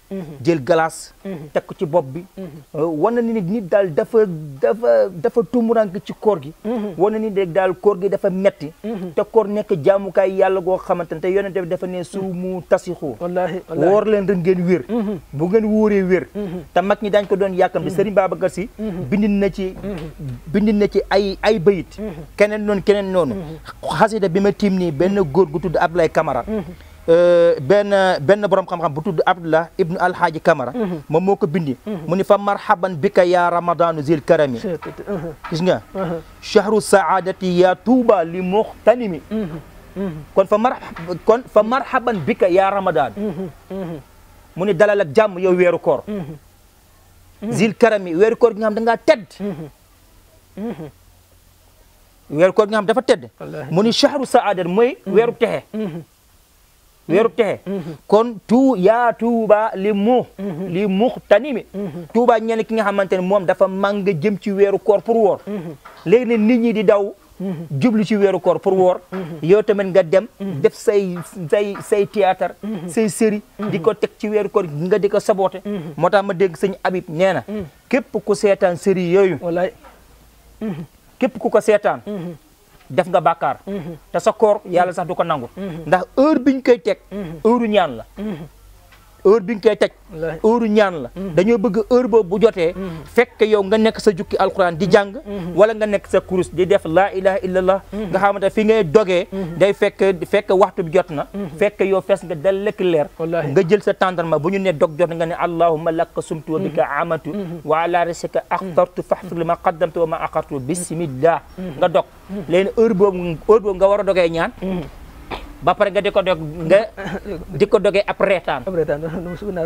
jël glace teg ko ci bopp bi euh, wana ni nit daal dafa dafa dafa tumurank ci koor gi wana ni rek daal koor gi dafa metti te koor nekk jaamukaay yàlla goo xamante ne te yonent bi dafa ne su mu tasixoo woor leen rek ngeen wér bu ngeen wóoree wér te mag ñi daañ ko doon yàkkam di Serigne Babacar Sy bindin na ci bindin na ci ay bayit keneen noonu keneen noonu xasida bi ma tiim nii benn góor gu tudd Abdoulaye mhm. euh, benn benn borom xam bu tudd Abdullah ibnu alhaaji Camara mhm. moom moo bindi mhm. mu ni fa marhaban bika ya ramadanu zil karami gis saadati ya li muxtanimi kon fa mar bika ya ramadan mu ni dalal ak yow weeru koor zil karami weeru nga xam da weeru koor gi nga xam dafa tedd mu ni chahru saadat mooy mm-hmm. weeru texe mm-hmm. weeru texe mm-hmm. kon tuu yaa tuuba li mu ki nga xamante ne moom dafa màng jëm ci weeru koor pour woor nit ñi di daw jublu ci weeru koor pour woor tamit nga dem def say say say théâtre say série di ko teg ci weeru koor nga di ko saboote moo tax ma dégg sëñ Habib nee na képp ku seetaan série yooyu képp ku ko seetaan mhm. def nga bàkkaar mhm. te sa koor yàlla mhm. sax du ko nangu ndax heure biñ koy teg heure ñaan la heure bi nga koy teg heure ñaan la mm-hmm. dañoo bëgg heure boobu bu jotee mm-hmm. fekk yow nga nekk sa jukki alquran di jàng mm-hmm. wala nga nekk sa kurus di def laa ilaha illallah nga xamante fi ngay dogee day fekk fekk waxtu bi jot na fekk yow fees nga dal lekk leer nga jël sa tendrement bu ñu ne dog jot nga ne allahumma laka sumtu wa bika amatu wa ala risika axtartu faxfir li ma qaddamtu wa ma axartu bismillah nga dog léegi heure boobu heure nga war a dogee ñaan ba pare nga di ko dog nga <laughs> di ko dogee ab reetaan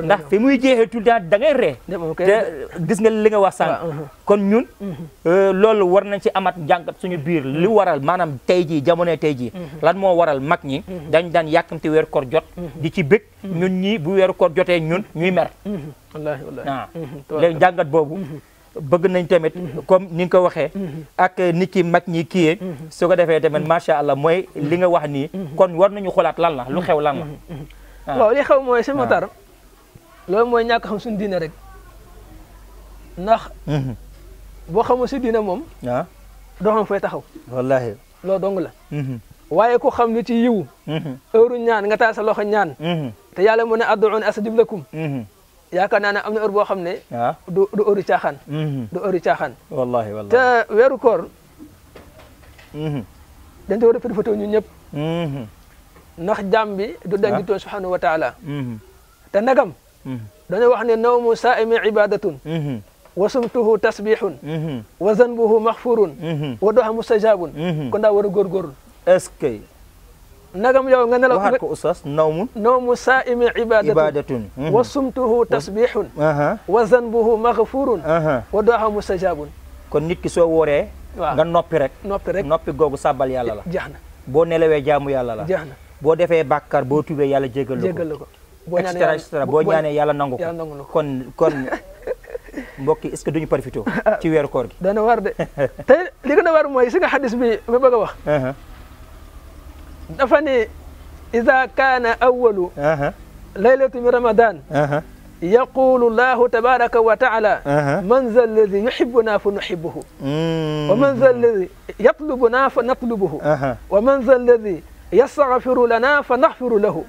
ndax fi muy jeexee tout le temps da ngay ree te gis nga li nga wax sànq uh-huh. kon ñun mm-hmm. euh, loolu war nañ ci amat njàngat suñu mm-hmm. biir li waral maanaam tey jii jamono tey jii mm-hmm. lan moo waral mag ñi dañ daan yàkkamti weer koor jot di ci bëgg ñun ñii bu weer koor jotee ñun ñuy mer wallaahi wallaahi boobu bëgg nañ tamit comme ni nga ko waxee ak nit ki mag ñi kiyee su ko defee tamit macha allah mooy li nga wax nii kon war nañu xoolaat lan la lu xew lan la waaw li xew mooy si motar loolu mooy ñàkk xam suñ diine rek ndax mhm. boo xamul si diine moom waaw ah. doo taxaw wallahi loolu dong la mhm. waaye ku xam li ci yiw mhm. heure ñaan nga taal sa loxo ñaan te yàlla mu ne adduun astajib lakum yaakaar naa ne am na heure boo xam ne. waaw ah. du du heure mhm. du heure caaxaan. wallaahi wallaahi weeru koor. Mhm. dañ te war a profité ñun ñëpp. Mhm. ndax jàmm bi. du dangi ah. toon subhanahu wa taala. te nagam. dañoo wax ne nawmu saa'imi ibadatun. wa sumtuhu tasbihun. wa zanbuhu maxfurun. wa doxa mustajaabun. kon daa war a nagam yow nga nelaw waxaat ko oustaz nawmun nawmu saaimi ibadatun hmm. wa sumtuhu tasbihun wa zanbuhu maghfurun wa doaha mustajabun kon nit ki soo wooree waaw nga noppi rek noppi rek noppi googu sàbbal yàlla la jeex boo nelawee jaamu yàlla la jeex na boo defee bàkkaar boo tubee yàlla jégal la ko jégal la ko boo ñaanee yàlla nangu ko kon kon mbokk yi est-ce que duñu profité <laughs> ci weeru koor gi dana war de <laughs> te li gën war mooy si nga xadis bi ma bëgg wax دفني إذا كان أول ليلة من رمضان يقول الله تبارك وتعالى من ذا الذي يحبنا فنحبه ومن ذا الذي يطلبنا فنطلبه ومن ذا الذي يستغفر لنا فنغفر له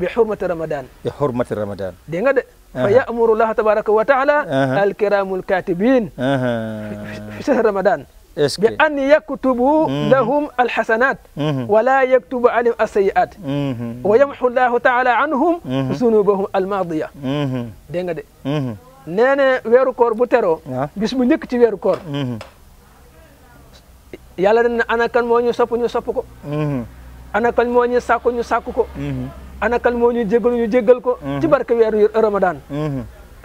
بحرمة رمضان بحرمة رمضان دينغد فيأمر الله تبارك وتعالى الكرام الكاتبين في شهر رمضان est-ce que bi an yaktubu lahum alxasanat wala yaktubu alayhim alsayiat wa yamxu llahu taala weeru koor bu teroo bis njëkk ci weeru koor yàlla dana ana kan moo ñu sopp ñu sopp ko ana kan moo ñu sàkku ñu sàkku ko ana kan moo ñu jégalu ñu jégal ko ci barke weeru Ramadan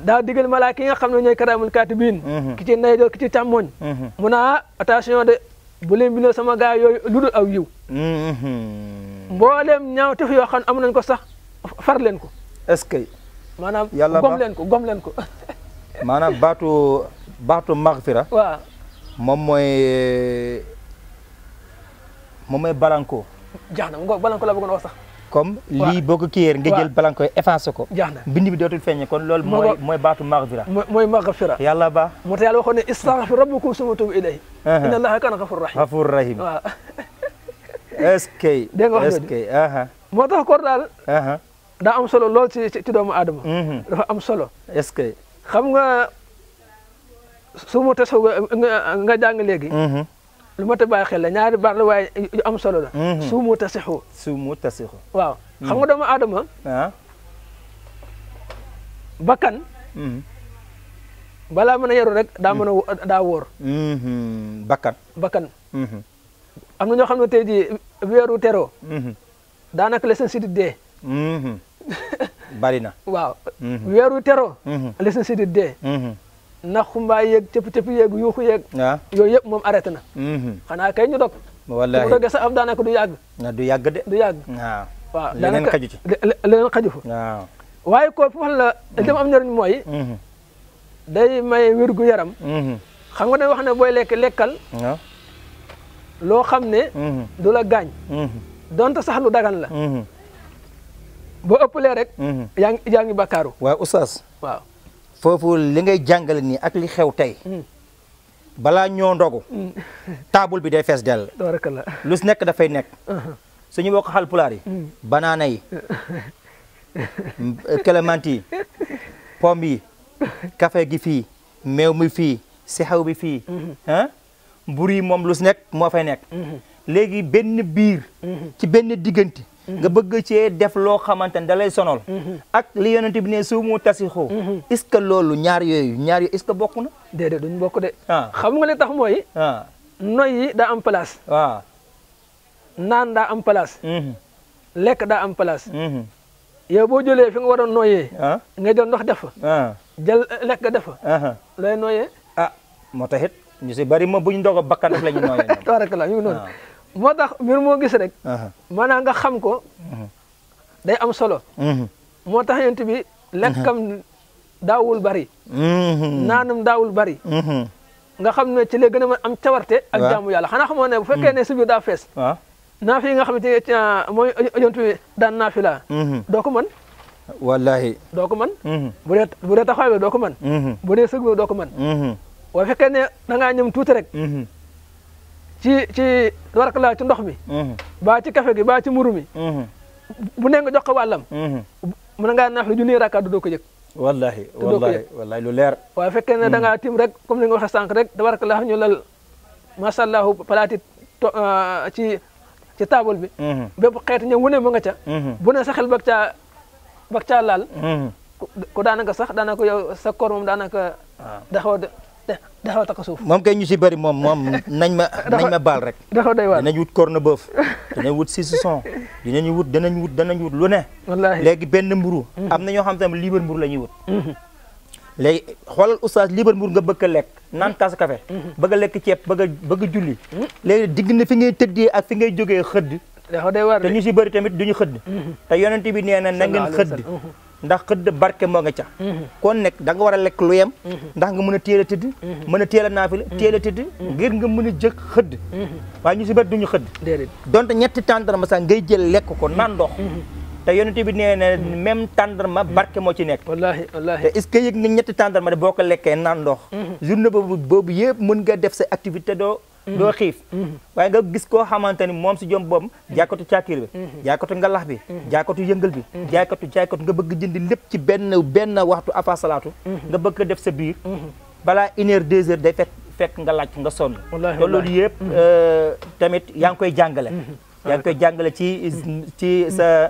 daa digal malaaka yi nga xam ne ñooy karaamul kaatibiin mhm. ki ci ndeyjoor ki ci càmmooñ mhm. mu naa ah, attention de bu leen bindoo sama gaay yooyu lu dul aw yiw mhm. mbooleem ñaawteef yoo xam ne am nañ ko sax far leen ko est-ce que maanaam gom leen ko gom leen ko <laughs> maanaam baatu baatu magfira waaw moom mooy moom mooy balanko jaax na mu ngo balanko la bëggoon wax sax comme lii boo ko kiyeer nga jël balan koy ko jaax na bi dootul feeñe kon loolu mooy mooy baatu maghfira mooy maghfira yàlla ba moo tax yàlla waxoon ne istaghfir rabbakum summa tubu ilayhi uh-huh. inna allaha kaana ghafur rahim ghafur rahim waaw <laughs> est wax dëgg uh-huh. moo tax koor daal uh-huh. am solo lool ci doomu aadama mm-hmm. dafa am solo est-ce que xam nga su mu tesoo nga jàng léegi mm-hmm. lu mat a bàyyi xel la ñaari baat la waaye yu am solo la. Mhm. suumu tasixu. suumu tasixu. waaw mhm. xam nga doomu aadama. Ah. bakkan. Mhm. balaa mën a yaru rek daa mën a daa wóor. bakkan. bakkan. am na ñoo xam ne tey jii weeru teroo. daanaka la seen sidit dee. bari na. <laughs> waaw. weeru teroo. la seen dee. ndax xumbaay yeeg tëpp tëpp yeeg yuuxu yeeg. waaw yooyu yëpp moom arrêté na. Mhm. xanaa kay ñu dog. wallaahi bu dogee am daanaka du yàgg. du yàgg de. yàgg waaw. waaw leneen xaju ci waaye ko wax la mhm. li am njëriñ mooy. Mhm. day may wér yaram. xam nga dañ wax ne booy lekk lekkal. loo xam ne. du la gaañ. donte sax lu dagan la. boo ëppalee rek. yaa ngi yaa ngi bakkaaru. waaw oustaz foofu li ngay jàngale nii ak li xew tey mm. balaa ñoo ndogu mm. <laughs> taabul bi day fees dell <laughs> lu si nekk dafay nekk uh-huh. suñu bokk xal pulaar yi mm. banaana yi clémentine <laughs> eh, yi pomme yi kafe gi fii meew mi fii si xew bi fii ah mm-hmm. mburu yi moom lu si nekk moo fay nekk mm-hmm. léegi benn biir mm-hmm. ci benn diggante nga bëgg cee def loo xamante ne da ak li yonent bi ne suumu tasixu est ce que loolu ñaar yooyu ñaar yooyu est ce que bokk na déedéet duñ bokk de ah. xam nga li tax mooy ah. noy yi daa am place waaw ah. naan daa am place mhm. lekk daa am place mhm. yow boo jëlee fi nga nga jël ndox def jël def ah moo ñu si bari ma buñ ndogo bakkan def la la <laughs> ñu moo tax mbir moo gis rek. maanaam nga xam ko. day am solo. Mhm. moo tax yent bi lekkam daawul bari. Mhm. naanam daawul bari. Mhm. nga xam ne ci la gën a mën am cawarte. ak jaamu yàlla xanaa xamoo ne bu fekkee ne si biir daa fees. waaw yi nga xam ne ci ah, mooy yent bi daan naafi laa. doo ko mën. wallahi doo ko mën. bu dee bu dee taxawaay bi doo ko mën. bu dee sëg bi doo ko mën. waaye fekkee ne da ngaa ñëm tuuti rek. ci ci warkala ci ndox mi mhm. baa ci café gi baa ci muru mi mhm. bu ne nga jox mu wàllam mhm. mën ngaa naaf lu junni rakka du doo ko yëg wallahi wallahi wallahi lu leer waaw fekkee ne da ngaa tim rek comme ni nga waxee sànq rek tabarakallah ñu lal macha allah palaati ah, ci ci taabal bi bépp xeeti ñoom wu ne ma nga ca bu ne sa xel bag caa bag caa laal ko daanaka sax daanaka yow sa koor moom daanaka ah. daxaw dafa takk suuf moom kay ñu si bëri moom moom nañ ma <laughs> nañ ma baal rek dafa doy waar dinañ wut corne bœuf dinañ wut six cent dinañ wut danañ wut danañ lu ne léegi benn mburu mm-hmm. am na ñoo xam tamit liibar mburu la ñuy wut mm-hmm. léegi xoolal oustaz liibar mburu nga bëgg a lekk naan kaas mm-hmm. café bëgg a lekk ceeb bëgg a bëgg a julli léegi digg na fi ngay tëddee ak fi ngay jógee xëdd dafa doy waar te ñu si bëri tamit duñu xëdd te yonent bi nee na na ngeen xëdd ndax këdd barke moo nga ca mhm. kon nekk da nga war a lekk lu yem mhm. ndax nga mën a teel a tëdd mhm. mën a teel a naafila teel a tëdd ngir nga mën a jëkk xëdd waaye ñu si bët duñu xëdd donte ñetti tàndarma sax ngay jël lekk ko naan ndox te yonent bi nee na même ma barke moo ci nekk. wallaahi wallaahi te ce que yëg nga ñetti tàndarma de boo ko lekkee naan ndox. Mm-hmm. journée boobu boobu yëpp mën nga def sa activité doo. Mm-hmm. doo xiif mm-hmm. waaye nga gis koo xamante ni moom si jom boom jaaykatu càkkiir bi nga lax bi jaaykatu yëngal bi jaaykatu jaaykatu nga bëgg jënd lépp ci benn benn waxtu afa nga bëgg def sa biir balaa une heure deux heures day fekk nga laaj nga sonn te loolu yëpp euh, tamit yaa ngi koy jàngale yaa ngi koy jàngale ci ci sa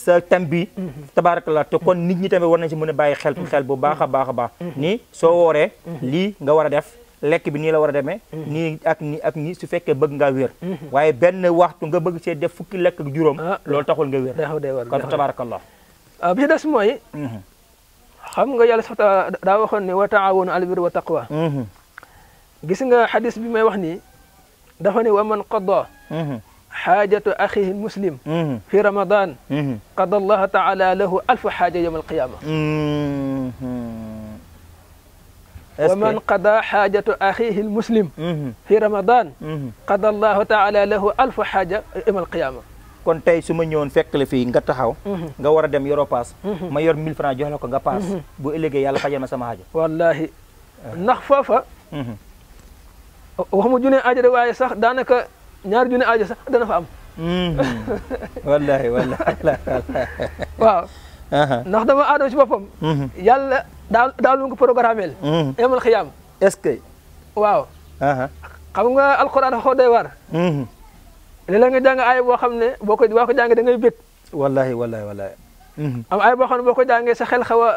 sa thème bi mhm. tabarakallah te kon nit ñi tamit war nañ si mën a bàyyi xel mhm. xel bu baax a mhm. baax a baax ni soo wooree lii nga war a def lekk bi nii la war a demee nii ak nii ak nii su fekkee bëgg nga wér waaye benn waxtu nga bëgg see def fukki lekk ak juróom ah, loolu taxul nga wér kon tabarakallah ah, bi des mooy xam nga yàlla sax daa waxoon ne wa taawanu wa birri wa taqwa gis nga xadis bi may wax nii dafa ne wa man qada حاجة أخيه المسلم في رمضان قد الله تعالى له ألف حاجة يوم القيامة ومن قضى حاجة أخيه المسلم في رمضان قد الله تعالى له ألف حاجة يوم القيامة كون تاي سوما أن فك لي في nga taxaw nga wara dem euro pass ma yor 1000 francs joxlo ko nga pass bu elegé yalla fajal ma sama haja wallahi nakh fofa hmm hmm waxuma june aja de waye sax danaka ñaari junne aajo sax dana fa am. wallaahi wallaahi wallaahi. waaw. ndax dama aadama ci boppam. yàlla daal daal lu ko programmeel. yemal xiyaam. est-ce que. waaw. xam nga alxuraan dafa xaw doy waar. léeg-léeg nga jàng aay boo xam ne boo ko boo ko jàngee da ngay bég. wallaahi wallaahi wallaahi. am aay boo xam ne boo ko jàngee sa xel xaw a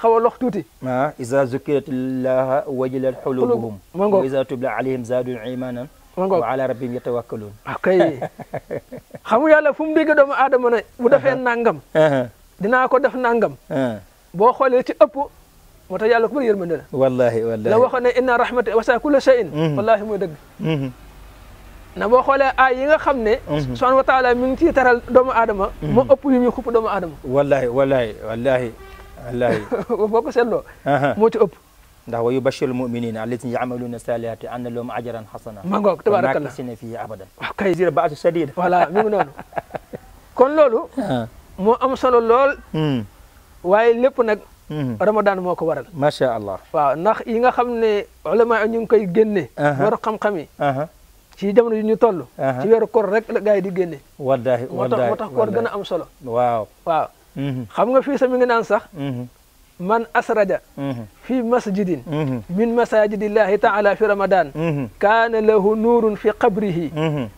xaw a lox tuuti. ah iza zukiratillaha wajilat xulubuhum. ma ngoog wa iza tubla alayhim zaadun imanan wa ala rabbihim yatawakkaluun waaw ah, kay <laughs> xamu yàlla fu mu dégg doomu aadama na bu defee uh-huh. nangam uh-huh. dinaa ko def nangam uh-huh. boo xoolee ci ëpp moo tax yàlla ku bëri yërmande la wallahi wallahi la waxoon ne inna rahmati wasa kulla shay'in wallahi mooy dëgg na boo xoolee ay yi nga xam ne subhanahu wa taala mi ngi ciy taral doomu aadama moo ëpp yu muy xupp doomu aadama wallahi wallahi wallahi wallahi <laughs> boo ko seetloo ndax wa yubashiru muminina allazina ya'maluna salihati anna lahum ajran hasana ma ngoog tabarakallah sina fii abadan waaw kay dira baasu sadida voilà mi ngi noonu kon loolu moo am solo lool waaye lépp nag ramadan moo ko waral macha allah waaw ndax yi nga xam ne ulama ñu ngi koy génne waru xam-xam yi ci jamono yu ñu toll ci weeru koor rek la gars yi di génne wallahi moo tax moo tax koor gën a am solo waaw waaw xam nga fii sa mi ngi naan sax من أسرج في مسجد من مساجد الله تعالى في رمضان كان له نور في قبره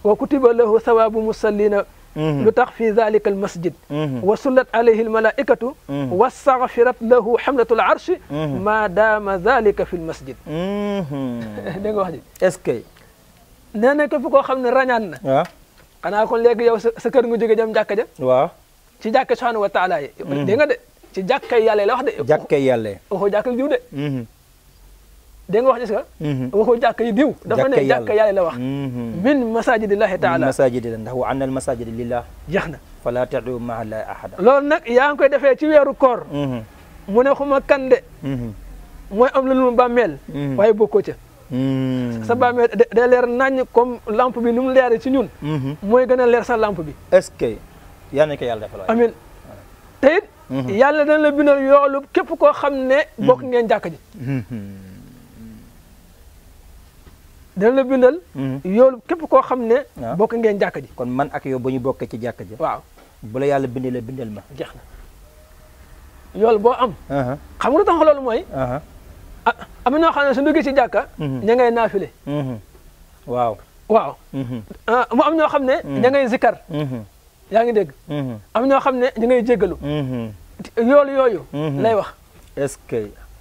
وكتب له ثواب مسلين لتخ في ذلك المسجد وسلت عليه الملائكة واستغفرت له حملة العرش ما دام ذلك في المسجد اسكي نانا كيف كو خامن رانان انا اكون ليك يا سكر نجي جام جاكجا وا تي جاك سبحانه وتعالى ديغا دي ci jàkkay yàlla la wax de. jàkkay yàlla waxoo jàkka diw de. Mm-hmm. dégg nga wax gis nga. Mm-hmm. waxoo jàkka yi diw. dafa ne jàkka yàlla la wax. Mm-hmm. min masajidillahi taala. min masajidillahi ndax wa anna al masajida lillah. jeex na. fala tadu maa llahi ahada. loolu nag yaa ngi koy defee ci weeru koor. mu ne xuma kan de. mooy am lu mu bàmmeel. waaye bokkoo ca. sa bàmmeel day leer naññ comme lampe bi nu mu leeree ci ñun. mooy gën a leer sa lampe bi. est ce que yaa nañu ko yàlla defal waay. amiin te it Mm-hmm. yàlla dañ la bindal yoolu képp koo xam ne bokk ngeen jàkk ji dana la bindal yoolu képp koo xam ne mm-hmm. bokk ngeen mm-hmm. ah. ji kon man ak yow ba ñu bokkee ci jàkk ji waaw bu yàlla bindalee bindal ma jeex yoolu boo am uh-huh. xam nga lu tax loolu mooy uh-huh. ah am na ñoo xam ne su duggee ci jàkka ña ngay naafile waaw ah, mu am ñoo xam ne ña ngay yaa ngi dégg am ñoo xam ne ña ngay yoolu yooyu. Mhm. lay wax. est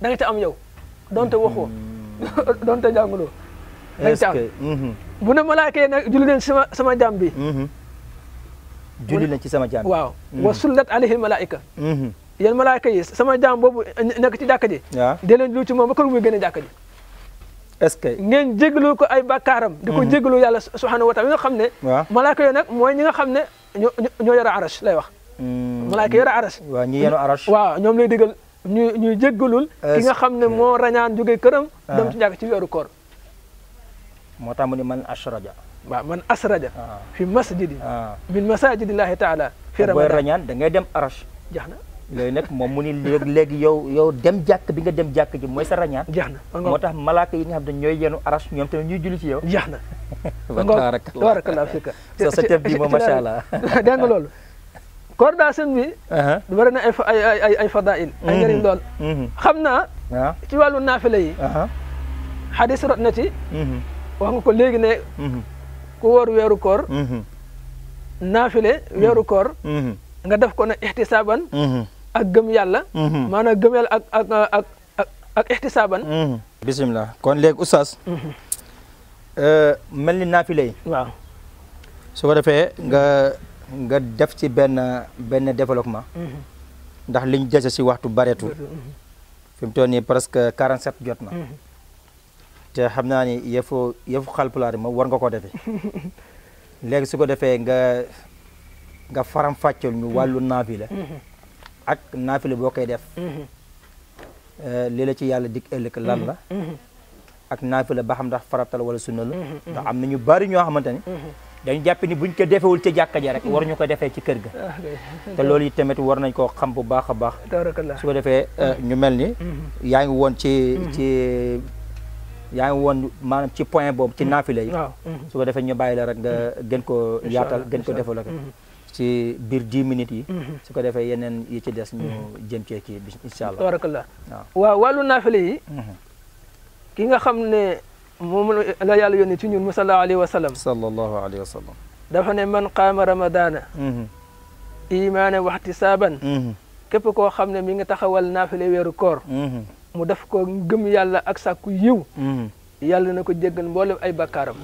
da nga ca am yow donte waxoo hmm. <laughs> donte jànguloo. est-ce que mhm. bu ne malaaka yi nag julli leen sama sama jàmm bi. Mhm. julli ci sama jàmm bi waaw. wa sullat alayhi malaika. yéen malaaka yi sama jàmm boobu nekk ci jàkka ji. waaw dee leen julli ci moom ba kër muy gën a jàkka ji. est-ce que ngeen jégalu ko ay bakkaaram. di ko jégalu yàlla subhanahu wa yi nga xam ne. waaw malaaka yooyu mooy ñi nga xam ne ñoo ñoo yore arash lay wax. Hmm. malaaka yara aras waaw ñi yenu aras waaw ñoom lay digal ñu ñu jéggalul ki nga xam ne rañaan jóge këram ah. dem ci njàkk ci weeru koor moo tax ni man asraja Ba man asraja ah. fi masjidi ah. min masajidillahi taala fi ramadan booy rañaan da ngay dem aras jax na léegi nag moom mu ni léegi léegi yow yow dem jàkk bi nga dem jàkk ji mooy sa rañaan jeex na moo yi nga xam ne ñooy yenu aras ñoom tamit ñuy julli ci yow jeex na <laughs> tabarakallah tabarakallah fika sa sa teb bi moom macha allah <laughs> dégg nga coordination bi. du bëri na ay fadail ay mhm. njëriñ lool. Mhm. xam naa. ci wàllu naafila yi. xadis rot na ci. Mhm. ko léegi ne. ku wóor weeru koor. naafile weeru koor. nga def ko ne ixtisaaban. ak gëm yàlla. maanaam gëm yàlla ak ak ak ak ak ixtisaaban. bisimilah kon léegi oustaz. Euh, mel ni naafile yi. waaw su nga def ci benn benn développement. Mhm. ndax liñ dese si waxtu bareetul. Mhm. fi mu toll nii presque 47 jot na. Mhm. te xam naa ni yëfu yëfu xalpulaar ma war nga ko defee. <laughs> léegi su ko defee nga nga faram fàcceel ñu wàllu naafila ak naafila boo koy def. Euh, lii la ci yàlla dig ëllëg lan la. ak naafila ba xam ndax faratal wala sunna la. ndax am na ñu bari ñoo xamante dañu jàpp ni buñ ko defewul ca jàkka ja rek <laughs> war ñu ko defee ci kër ga ah, te loolu it tamit war nañ koo xam bu baax a baax su ko defee euh, mm-hmm. ñu mel ni mm-hmm. yaa ngi woon ci mm-hmm. ci yaa ngi woon maanaam ci point boobu ci naafile yi su ko defee ñu bàyyi la rek nga gën ko yaatal gën ko développé ci biir dix minutes yi su ko defee yeneen yi ci des ñu jëm cee kii bi incha allah waaw wàllu naafile yi ki nga xam ne moom la yàlla yónni ci ñun sallallahu alayhi wa sallam sallallahu alayhi wa sallam dafa ne man qaama ramadaana imaana waxti saaban képp koo xam ne mi nga taxawal naafile weeru koor mu def ko gëm yàlla ak sàkku yiw yàlla na ko jéggal mboolem ay bakkaaram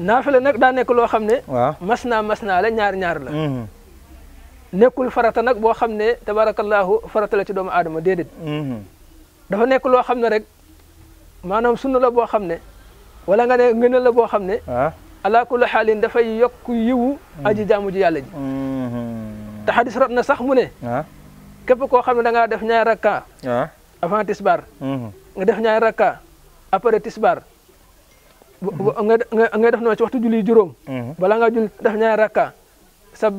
naafile nag daa nekk loo xam ne waaw mas naa mas naa la ñaar ñaar la nekkul farata nag boo xam ne tabarakallahu farata la ci doomu aadama déedéet dafa nekk loo xam ne rek Manam sunna la boo xam ne wala nga ne ngëneel la boo xam ne ala kulli xaalin yiwu hmm. aji jamu ji yàlla ji hmm. te xadis rot na sax mu ne képp koo xam ne da ngaa def ñaari rakka avant tisbar hmm. nga def ñaari rakka après tisbar nga def na ci waxtu julli juróom bala nga jul def ñaari rakka sa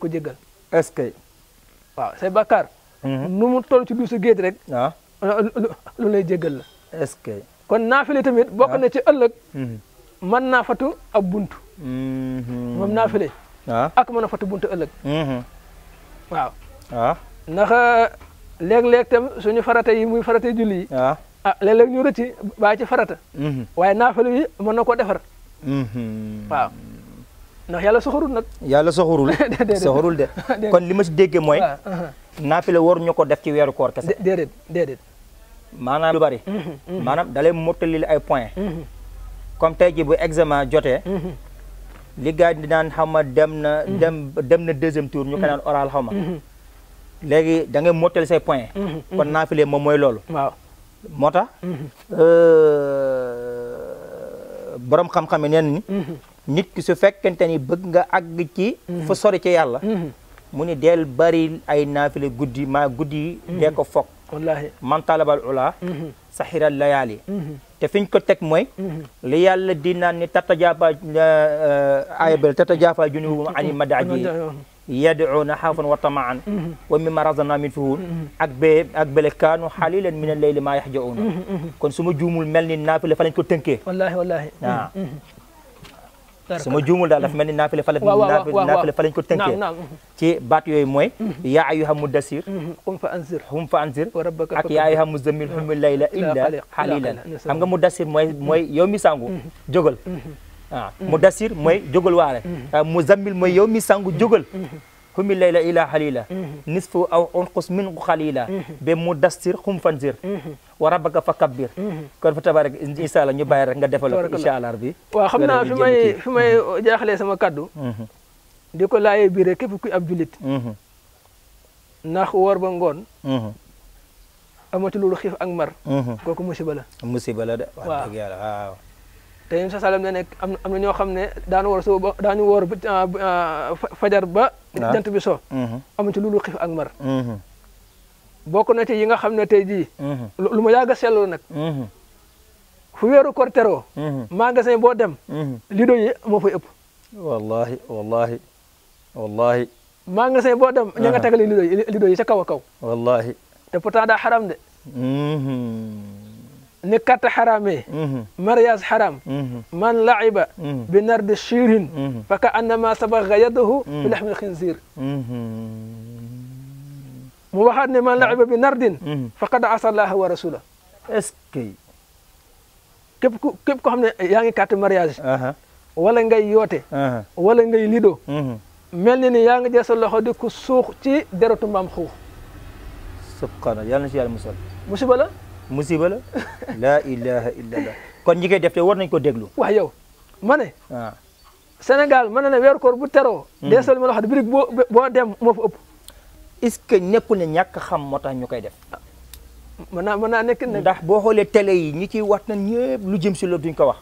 ko est-ce que waaw Mhm. nu mu toll ci duusu géej rek. waaw ah. lu lay jéggal la. est-ce que. kon naafile tamit bokk na ah. ci ëllëg. Mhm. mën naa fatu ab buntu. Mhm. moom naafile. waaw ah. ak mën a fatu buntu ëllëg. waaw. waaw ndax euh, léeg-léeg suñu farata yi muy farata julli yi. waaw ah léeg-léeg ñu rëcc baa ci farata. waaye naafile yi mën na koo defar. ndax yàlla soxorul nag yàlla soxorul <laughs> de <laughs> kon li ma si déggee mooy ah, ah, ah. naafile waruñu ko def ci weeru koor kese déedéet déedéet maanaam lu bari mm-hmm, mm-hmm. maanaam dalay mottalil ay point mm-hmm. comme tey jii bu examen jotee li gars yi di naan xaw ma dem na dem dem na deuxième tour ñu ko naan oral xaw ma léegi da ngay mottali say point kon naafile moom mooy loolu waaw moo tax euh, borom xam-xam neen nit ki su fekkente ni bëgg nga ag ci fa sori ci yàlla mu ni del bari ay nafile guddii ma guddii de ko foog wallahi man talabal ula sahira layali te fiñ ko tek moy li yàlla di nan ni tata jafa tatajaaba junubu ani madaaji yadcuuna xaafan wa tamaan wa mimma razana min fuhun ak be ak bele kaanu xalilan min alleyli maa yaxja'uuna kon su ma juumul mel ni naafile fa lañ ko tënkee wallaahi wallaahi su ma juumul daal dafa mel ni naafile fa la naafile fa lañ ko tënkee ci baat yooyu mooy mhm. yaa ayyuha mudassir xum mhm. fa anzir xum fa anzir ak yaa ayyuha muzammil xummi layla illa xalilan xam nga mudassir mooy mhm. mooy mi sangu jógal waaw mudassir mooy jógal waale muzammil mooy yow sangu jógal هم الليل إلى حليلة نصف أو أنقص من خليلة بمدستر خم فنزير وربك فكبر كون فتبارك إن شاء الله نباير ندفلو إن شاء الله ربي وخمنا في ما في جاخلي سما كادو ديكو لاي بيري كيف كوي أب جوليت ناخ وور با نغون amatu loolu xiif ak mar mhm. kooku musiba la musiba la de wax te yéen sa salam ne nekk am am na ñoo xam ne daanu woor su daañu woor ah, ah, fajar ba jant bi so mm-hmm. amu ci loolu xif ak mar mm-hmm. bokk na ci yi nga xam ne tey jii mm-hmm. lu ma yàgg a seetlu nag fu weeru koor teroo magasin boo dem lido yi moo fay ëpp wallahi wallahi wallahi magasin boo dem ña nga uh-huh. tegale lido yi lido yi ca kaw a kaw wallahi te daa xaram de نكات حرامي مرياز حرام من لعب بنرد الشير فكأنما صبغ يده بلحم الخنزير مباحد من لعب نعم. بنرد فقد عصى الله ورسوله اسكي كيف كيف كم يعني كات مرياز ولا نجاي يوتي ولا نجاي ليدو ملني ني يانغ جي سولو خو ديكو سوخ تي ديروتو مام خو سبحان الله يالنا سي يال مسال مسبلا musiba la laa <laughs> ilaha illallah kon ñi koy def te war nañ ko déglu waaw yow ma ne waaw ah. Sénégal mën na ne weeru koor bu teroo hmm. des sol ma la wax birig boo boo dem moo fa ëpp est-ce que nekkul ne ñàkk xam moo tax ñu koy def mën naa mën naa nekk nag ndax boo xoolee télé yi ñi ciy wax nañ ñëpp lu jëm si loolu duñ ko wax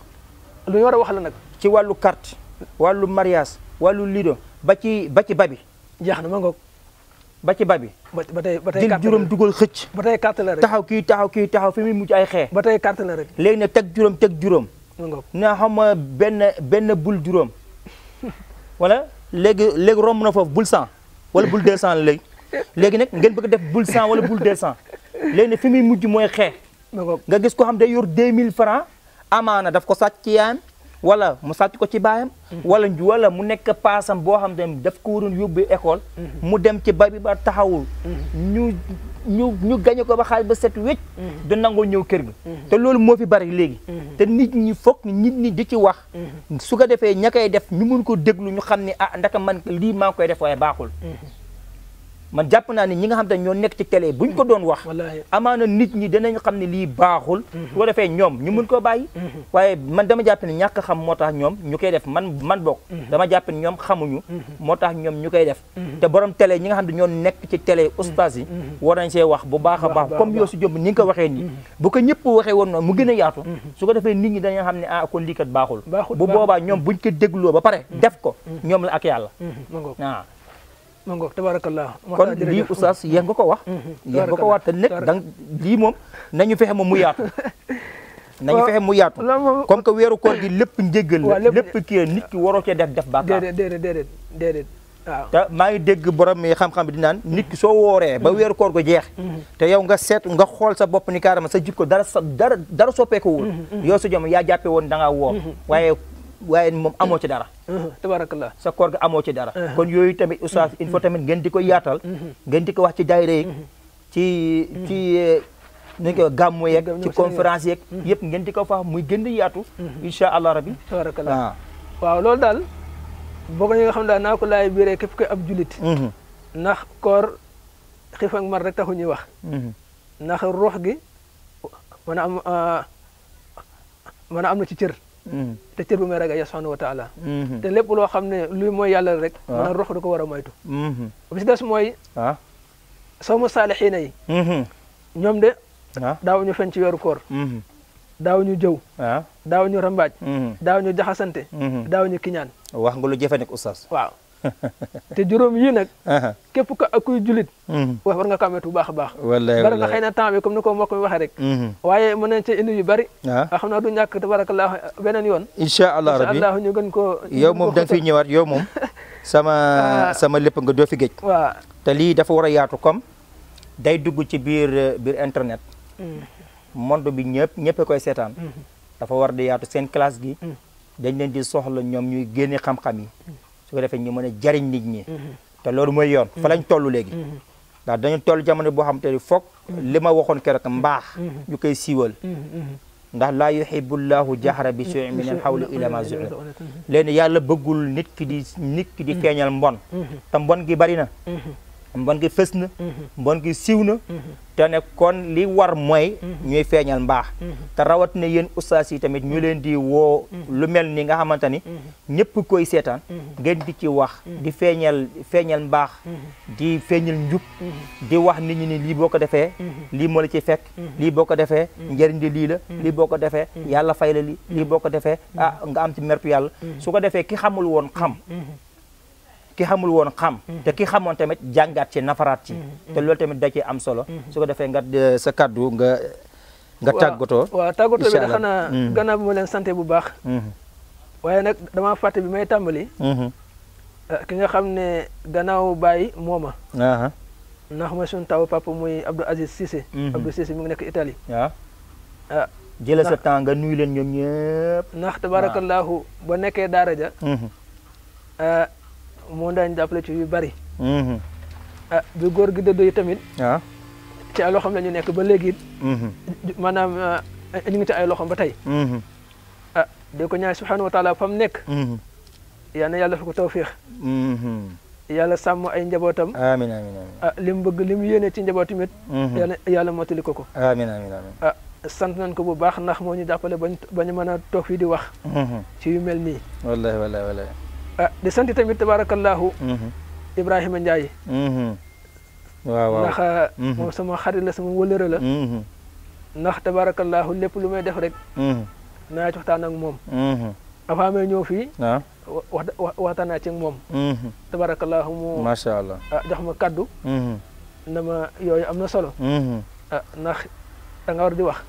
lu ñu war a wax la nag ci wàllu carte wàllu mariage wàllu lido ba ci ba ci babi jeex na ma ngoog ba ci ba bi. ba ba tey ba tey carte juróom dugal xëcc. ba tey carte taxaw kii taxaw kii taxaw fi muy mujj ay xee. ba tey carte la rek. léegi teg juróom teg juróom. naa xam ma benn benn bul juróom. <laughs> wala léegi léegi romb na foofu bul cent wala bul deux cent la léegi. léegi nag ngeen bëgg def bul cent wala bul deux cent. léegi fi muy mujj mooy xee. nga gis ko xam day yor deux mille francs amaana daf ko sàcc yaan wala mu sàcc ko ci baayam wala wala mu nekk paasam boo xam ne daf ko waroon yóbbu école mu dem ci bari ba taxawul ñu ñu ñu gañe ko ba xaalis ba set wécc du nangoo ñëw kër gi te loolu moo fi bari léegi te nit ñi foog nit ñi di ci wax su ko defee ña koy def ñu mun ko déglu ñu xam ni ah ndaka man lii maa koy def waaye baaxul man jàpp naa ne ñi nga xam te ñoo nekk ci télé ñu ko doon wax na nit ñi danañ xam ne lii baaxul mhm. su ko defee ñoom ñu mun koo bàyyi mhm. waaye man dama jàpp ne ñàkk xam moo tax ñoom ñu koy def man man bokk mhm. dama jàpp ne xamuñu moo tax ñoom ñu koy def te borom tele ñi nga xam ne ñoo nekk ci télé oustaz yi war nañ see wax bu baax a baax comme yoo si jëmb ni nga ko waxee nii bu ko ñëpp waxee woon noonu mu gën a yaatu su ko defee nit ñi dañoo xam ne ah kon lii kat baaxul bu boobaa ñoom buñ ko dégloo ba pare de ko ñoom la ak yàlla waaw ma ngoog tabarakallah kon lii oustaz yéen nga ko wax mm-hmm. yéen ko wax te nekk dang lii moom nañu fexe moom mu yaatu <laughs> nañu fexe mu yaatu comme que weeru koor gi lépp njéggal la lépp kii nit ki waroo cee def def ba déedéet déedéet déedéet waaw te maa ngi dégg borom mi xam-xam bi di naan nit soo wooree ba mm-hmm. weeru koor go jeex mm-hmm. te yow nga seet nga xool sa bopp ni carrément sa jikko dara sa dara dara soppeekuwul yow sa yaa jàppe woon da ngaa woor waaye waaye moom amoo ci dara uh-huh. tabarakallah sa koor ga amoo ci dara uh-huh. kon yooyu tamit oustaz il tamit ngeen di ko yaatal uh-huh. ngeen di ko wax ci daayira yi ci ci eh, ni ko gàmmu yeeg ci conférence yeeg yëpp ngeen di ko fa muy gën di yaatu insha allah rabbi tabarakallah ah. waaw loolu daal bokk na xam daal naa ko laay biiree ab julit ndax koor taxu ñuy wax ndax ruux gi mën a am ah, na ci cër Mm-hmm. te cër bu may ragal yàlla subhanahu wa taala mm-hmm. te lépp loo xam ne luy mooy yàlla rek ah. maanaam rox du ko war a moytu mm-hmm. bi si des mooy waaw ah. soo mu saalixiina ñoom de ah. daaw ñu fen ci weeru koor daaw ñu jëw daaw ñu rambaaj daaw ñu jaxasante daaw ñu kiñaan wax nga lu jëfe nag oustaz <laughs> te juróom yi nag képp ko akuy julit mhm. wax war nga ko amee bu baax a baax bari na xëy na temps bi comme ni ko mbokk mi rek mhm. nañ ci indi yu bari ah. du tabarakallah yoon allah rabbi incha allah ñu gën koo yow da ñëwaat yow <laughs> sama ah. sama lépp nga doo fi géej waaw te lii dafa war a yaatu comme day dugg ci eh, internet mhm. monde bi ñëpp ñëpp koy seetaan dafa war di yaatu seen classe gi dañ leen di soxla ñoom ñuy génne xam-xam yi su ko defee ñu mën a jariñ nit ñi mhm. te loolu mooy yoon fa lañ mhm. toll léegi mhm. ndax dañu toll jamono boo xam te ni foog li ma waxoon ñu koy siiwal ndax laa yuhibullahu jahra bi su'i min al-hawli ila ma zu'ir léegi yàlla bëggul nit ki di nit ki di feeñal mbon te mbon gi bari na mbon gi fës na mhm. mbon gi siiw na mhm. te ne kon li war mooy mhm. ñuy feeñal mbaax te na yéen ustaas yi tamit ñu leen di woo lu mel ni nga xamante ni ñëpp koy seetaan ngeen di ci wax di feeñal feeñal mbaax di feeñal njub di wax nit ñi ni lii boo ko defee lii moo la ci fekk lii boo ko defee njëriñ di lii la lii boo ko defee yàlla fay la lii lii boo ko defee a ah, nga am ci mertu yàlla su ko defee ki xamul woon xam ki xamul woon xam mhm. te ki xamoon tamit jàngaat ci nafaraat ci mhm. te loolu tamit da ci am solo mhm. su ko defee nga euh, sa kaddu nga nga tàggatoo waaw tàggatoo bi da xanaa gannaaw bi ma leen bu baax waaye nag damaa fàtte bi may tàmbali euh, ki nga xam ne gannaaw bàyyi mooma ndax mooy suñu taw papa muy Abdou Aziz Cissé Abdou Cissé mi ngi nekk Italie waaw ah euh, jëla sa temps nga nuyu leen ñoom ñëpp ndax tabaarakallaahu ba nekkee daara moo daañu jàppale ci yu bari. Mm-hmm. a ah, bi góor gi dëddoo yi tamit. waaw ah. ci ay loxoom la nekk ba léegi it. Mm-hmm. maanaam ah, ñu ngi ci ay loxoom ba tey. Mm-hmm. a de ko ñaan subhanahu wa taala mu nekk. yal na yàlla fi ko tawfiix. yàlla sàmm ay njabootam. amiin amiin amiin ah li mu bëgg li mu yéene ci njabootam it. yàlla yàlla mottali ko ko. amiin a amiin ah sant nañ ko bu baax ndax moo ñu jàppale bañ bañ mën a toog fii di wax. ci yu mel nii. wallahi wallahi wallahi di sant tamit Ibrahim ibrahima ndiaye waaw waaw ndax moom sama xarit la sama wëlëre la ndax tabarakallahu lépp lu may def rek naa ci waxtaan ak moom avant may ñëw fii wax waxtaan naa ci tabarakallahu mu masha allah jox ma kaddu na ma yooyu am ndax da nga war di wax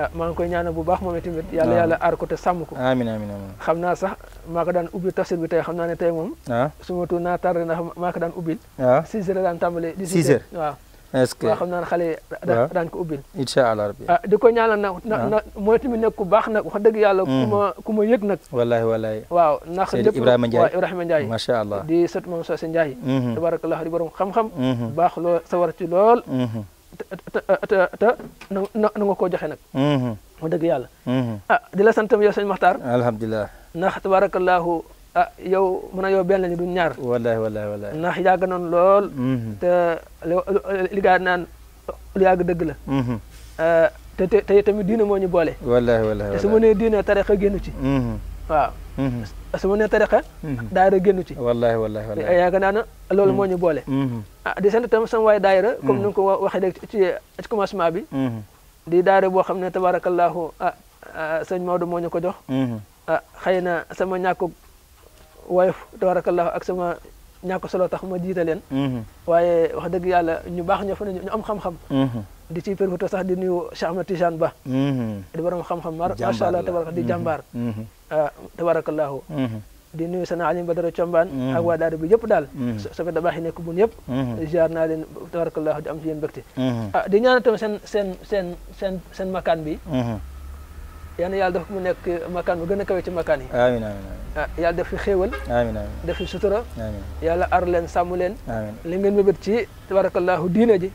Ah, maa ngi koy ñaanal bu baax moom tamit yàlla yàlla aar ko te sàmm ko amiin amiin amiin xam naa sax maa ko daan ubbi tafsir bi tey xam naa ne tey moom a ah. su ma tuut naa tardé ndax maa ko daan ubbil waaw ah. six heures daan tàmbale di six heures waaw est-ce que waaw xam naa ne xale daan ko ubbil incha allah rabbi ah di ko ñaanal nag na na mooy tamit nekk ku baax nag wax dëgg yàlla ku mm. ma ku ma yëg nag wallahi wallahi waaw ndax lépp Ibrahima Ndiaye waaw Ibrahima Ndiaye macha allah di sët moom Socé Ndiaye mm-hmm. tabarakallah di borom xam-xam mm-hmm. baax lool sawar ci lool mm-hmm. te na nga koo joxe nag ma mm-hmm. dëgg yàlla mm-hmm. ah di la santam yow sëñ Maxtaar alhamdulilah ndax tabarakallahu ah yow mën a yow benn lañu duñ ñaar wallahi wallahi wallahi ndax yàgg noonu lool mm-hmm. te li gaa naan lu yàgg dëgg la ah, te te tamit diina moo ñu boole wallahi wallahi su ma nee diina tarixa génnu ci waaw Mm-hmm. su ma nee tariqa mm-hmm. daayira génn ci wallaahi wallaahi wallaahi eh, yaakaar naa na loolu moo ñu boole mm-hmm. ah di sant tam sama waay daayira comme ni nga ko waxee léegi ci commencement bi di daayira boo xam ne tabaarakallaahu ah, ah sëñ Maodo moo ñu ko jox ah xëy na sama ñàkk woyof tabaarakallaahu ak sama ñàkk solo tax ma jiite leen waaye wax dëgg yàlla ñu baax ñoo fa ne ñu am xam-xam di ci permettre sax di nuyu Cheikh Ahmed Tidiane Ba. Mhm. di borom xam-xam macha allah tabaraka di mhm. jàmbaar. Mhm. Ah, tabarakallahu di nuyu sana Alioune Badara Combaan. ak waa daara bi yëpp daal. so ko da nekk bun yëpp. jaar naa leen tabarakallahu di am ci yéen mbégte. ah di ñaan itam seen seen seen bi. yàlla na yàlla def mu nekk makaan bu gën a kawe ci makaan yi. amiin amiin ah, yàlla def fi xéewal. amiin amiin def fi sutura. ci tabarakallahu diina ji.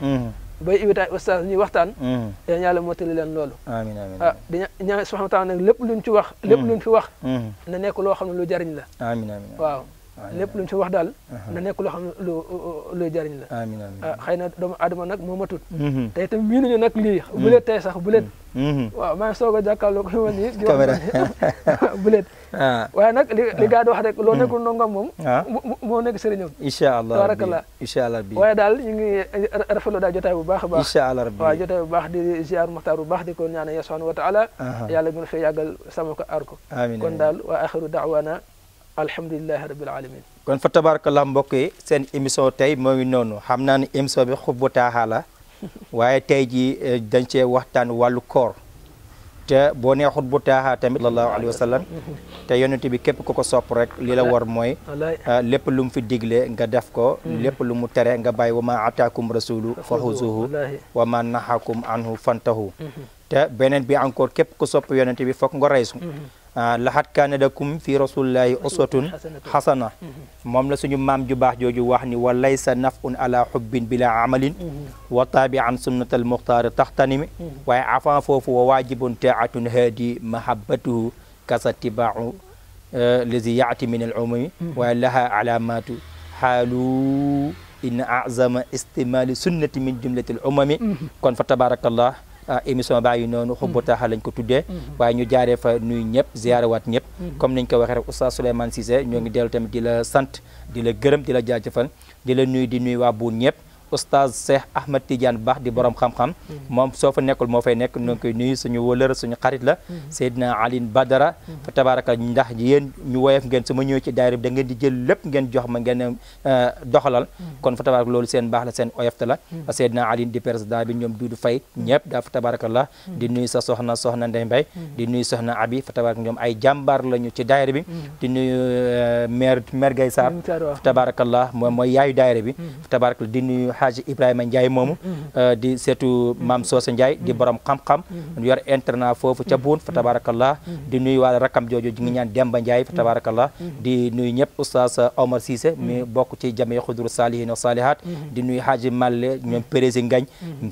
ba invité oustaz ñuy waxtaan mm-hmm. yéen yàlla mottali leen loolu amiin amiin ah di ñaan subhanahu wa lépp luñ ci wax lépp mm-hmm. luñ fi wax mm-hmm. na nekk loo xam ne lu jariñ la amiin waaw lépp lu ñu fi wax daal na nekk loo xam ne lu luy jariñ la amiin amiin ah, xëy na doomu adama nag moo matut mhm. te itam miinuñu nag lii mhm. bu leet tey sax bu leet mhm. waaw maa ngi soog a jàkkaarloo ko ma nii di wax <laughs> bu leet <laughs> ah. waaye nag li li ah. gaa di wax rek loo nekkul ndongam moom moo nekk sëriñam incha allah tabarakallah incha bi waaye daal ñu ngi rafetlu daa jotaay bu baax a baax incha allah bu baax di ziar muxtaar bu baax di ko ñaanal ya subhanahu wa taala yàlla gën a fee yàggal sama ko aar ko kon daal waa axiru daawaana alhamdulilah rabil alamin kon fa tabarakallah mbokk yi seen émission tey moo ngi noonu xam naa ne émission bi xubbu taaxaa la waaye tey jii dañ cee waxtaan wàllu koor te boo nee xubbu taaxaa tamit sallallahu alayhi wa sallam te yonent bi képp ku ko sopp rek li la war mooy lépp lu mu fi digle nga def ko lépp lu mu tere nga bàyyi wa ma ataakum rasulu fa xuzuhu wa ma nahakum anhu fantahu te beneen bi encore képp ku sopp yonent bi foog nga reysu لحد كان لكم في رسول الله اسوه حسنه موم لا سونو مام جو باخ جوجو وليس نفع على حب بلا عمل وتابعا سنه المختار تختنم واي عفا فوفو تاعه هادي محبته كستباع الذي ياتي من العموم ولها علامات حال ان اعظم استمال سنه من جمله الامم كون فتبارك الله Ah, émission baa yi noonu xubbu mm-hmm. taaxa lañ ko tuddee mm-hmm. waaye ñu jaaree fa nuyu ñëpp waat ñëpp mm-hmm. comme nañ ko waxee rek oustaz Souleymane Cissé ñoo ngi dellu tamit di la sant di la gërëm di la jaajëfal di la nuyu di nuyu waa buun ñëpp oustaz Cheikh Ahmed Tidiane Ba di borom xam-xam mm-hmm. moom soo fa nekkul moo fay nekk ñu mm-hmm. ngi koy nuyu suñu wëlër suñu xarit la mm-hmm. Seydina Aline Badara fa tabaraka ndax yéen ñu woyof ngeen su ma ñëwee ci daayira bi da ngeen di jël lépp ngeen jox ma ngeen euh, doxalal kon fa tabaraka loolu seen baax la la Seydina Aline di président bi ñoom Duudu Fay ñëpp daa fa la di nuyu sa soxna soxna Ndey Mbay di nuyu soxna Abi fa tabaraka ñoom ay jàmbaar lañu ci daayira bi di nuyu euh, maire maire Gaye Sarr fa tabaraka la moom mooy yaayu daayira fa tabaraka di nuyu Alxaaji Ibrahima Ndiaye moomu mm-hmm. Mm-hmm. Euh, di seetu maam Soosa Ndiaye di mm-hmm. borom xam-xam yor internat foofu ca buun fa tabarakallah di nuyu waa rakam jooju ji ngi ñaan Demba Ndiaye fa tabarakallah di nuyu ñëpp oustaz Omar Cissé mi ci jamee xudru saalihin wa saalihat di nuyu Haaji Malle ñoom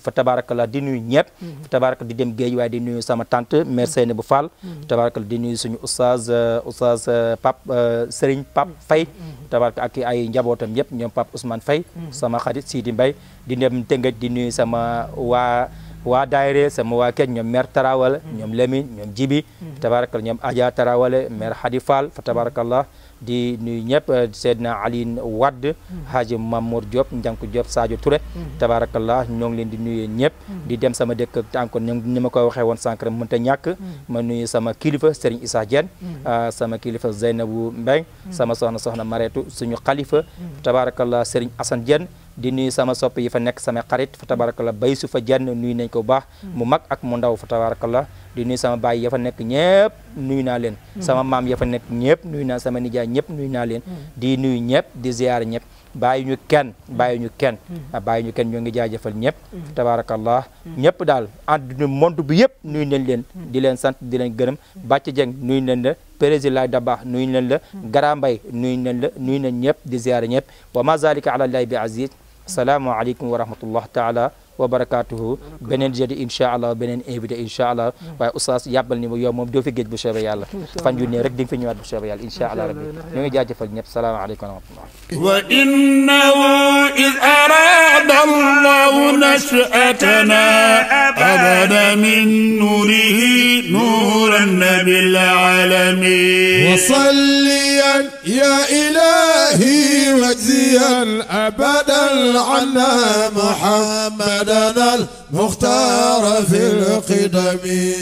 tabarakallah di nuyu ñëpp fa di dem géej waaye di nuyu sama tante mère Seyne bu Fall tabarakal di nuyu suñu oustaz euh, oustaz euh, Pap Serigne Pap Faye tabarakal ak ay njabootam yëpp ñoom Pap Ousmane Faye sama xarit Sidi Mbaye di dem Tëngëj di nuyu sama waa waa daayre sama waa kër ñoom mère Tarawale mm. ñoom Lamine ñoom Jibi mm. tabarakallah ñoom Adja Tarawale mère Hadi Fall tabarakallah di nuyu ñëpp euh, Seydina Aline Wade mm. Haji Mamour Diop Ndiankou Diop Sadio Touré tabarakallah ñoo ngi leen di nuyu ñëpp di dem sama dëkk encore ni ma ko waxee woon sànq rek mënta ñàkk ma nuyu sama kilifa Serigne Issa Diène euh, sama kilifa Zeynabou Mbengue sama soxna soxna Mareetu suñu xalifa tabarakallah Serigne Assane Diène di nuy sama sopp yi fa nekk sama xarit fa tabarakallah bay su fa jenn nuyu nañ ko bu mm. mu mag ak mu ndaw fa tabarakallah di nuyu sama baay ya fa nekk ñëpp nuy naa leen mm. sama maam ya fa nekk ñëpp nuyu na sama nijaay ñëpp nuyu naa leen mm. di nuyu ñëpp di ziyaar ñëpp bàyyi ñu kenn bàyyi ñu kenn ah, ñu ñoo ngi jaajëfal ñëpp tabarakallah ñëpp daal àdduna monde bu yëpp nuyu nañ leen di leen sant di leen gërëm bàcc jeng nuyu nañ la président laay dabax nuyu nañ la garambay nuyu nañ la nuyu nañ ñëpp di ziyaar ñëpp wa ma zalika السلام عليكم ورحمة الله تعالى وبركاته بنين جدي ان شاء الله بنين ايفيد ان شاء الله واي استاذ يابل ني يوم موم دوفي گيج بو شبا يالا فان يوني رك دين في نيوات بو شبا يالا ان شاء الله ربي نيغي جاجفال نيب السلام عليكم ورحمه الله وان اذ اراد الله نشاتنا ابدا من نوره نور النبي بالعالمين وصليا يا الهي واجزيا ابدا على محمد عدد المختار في القدم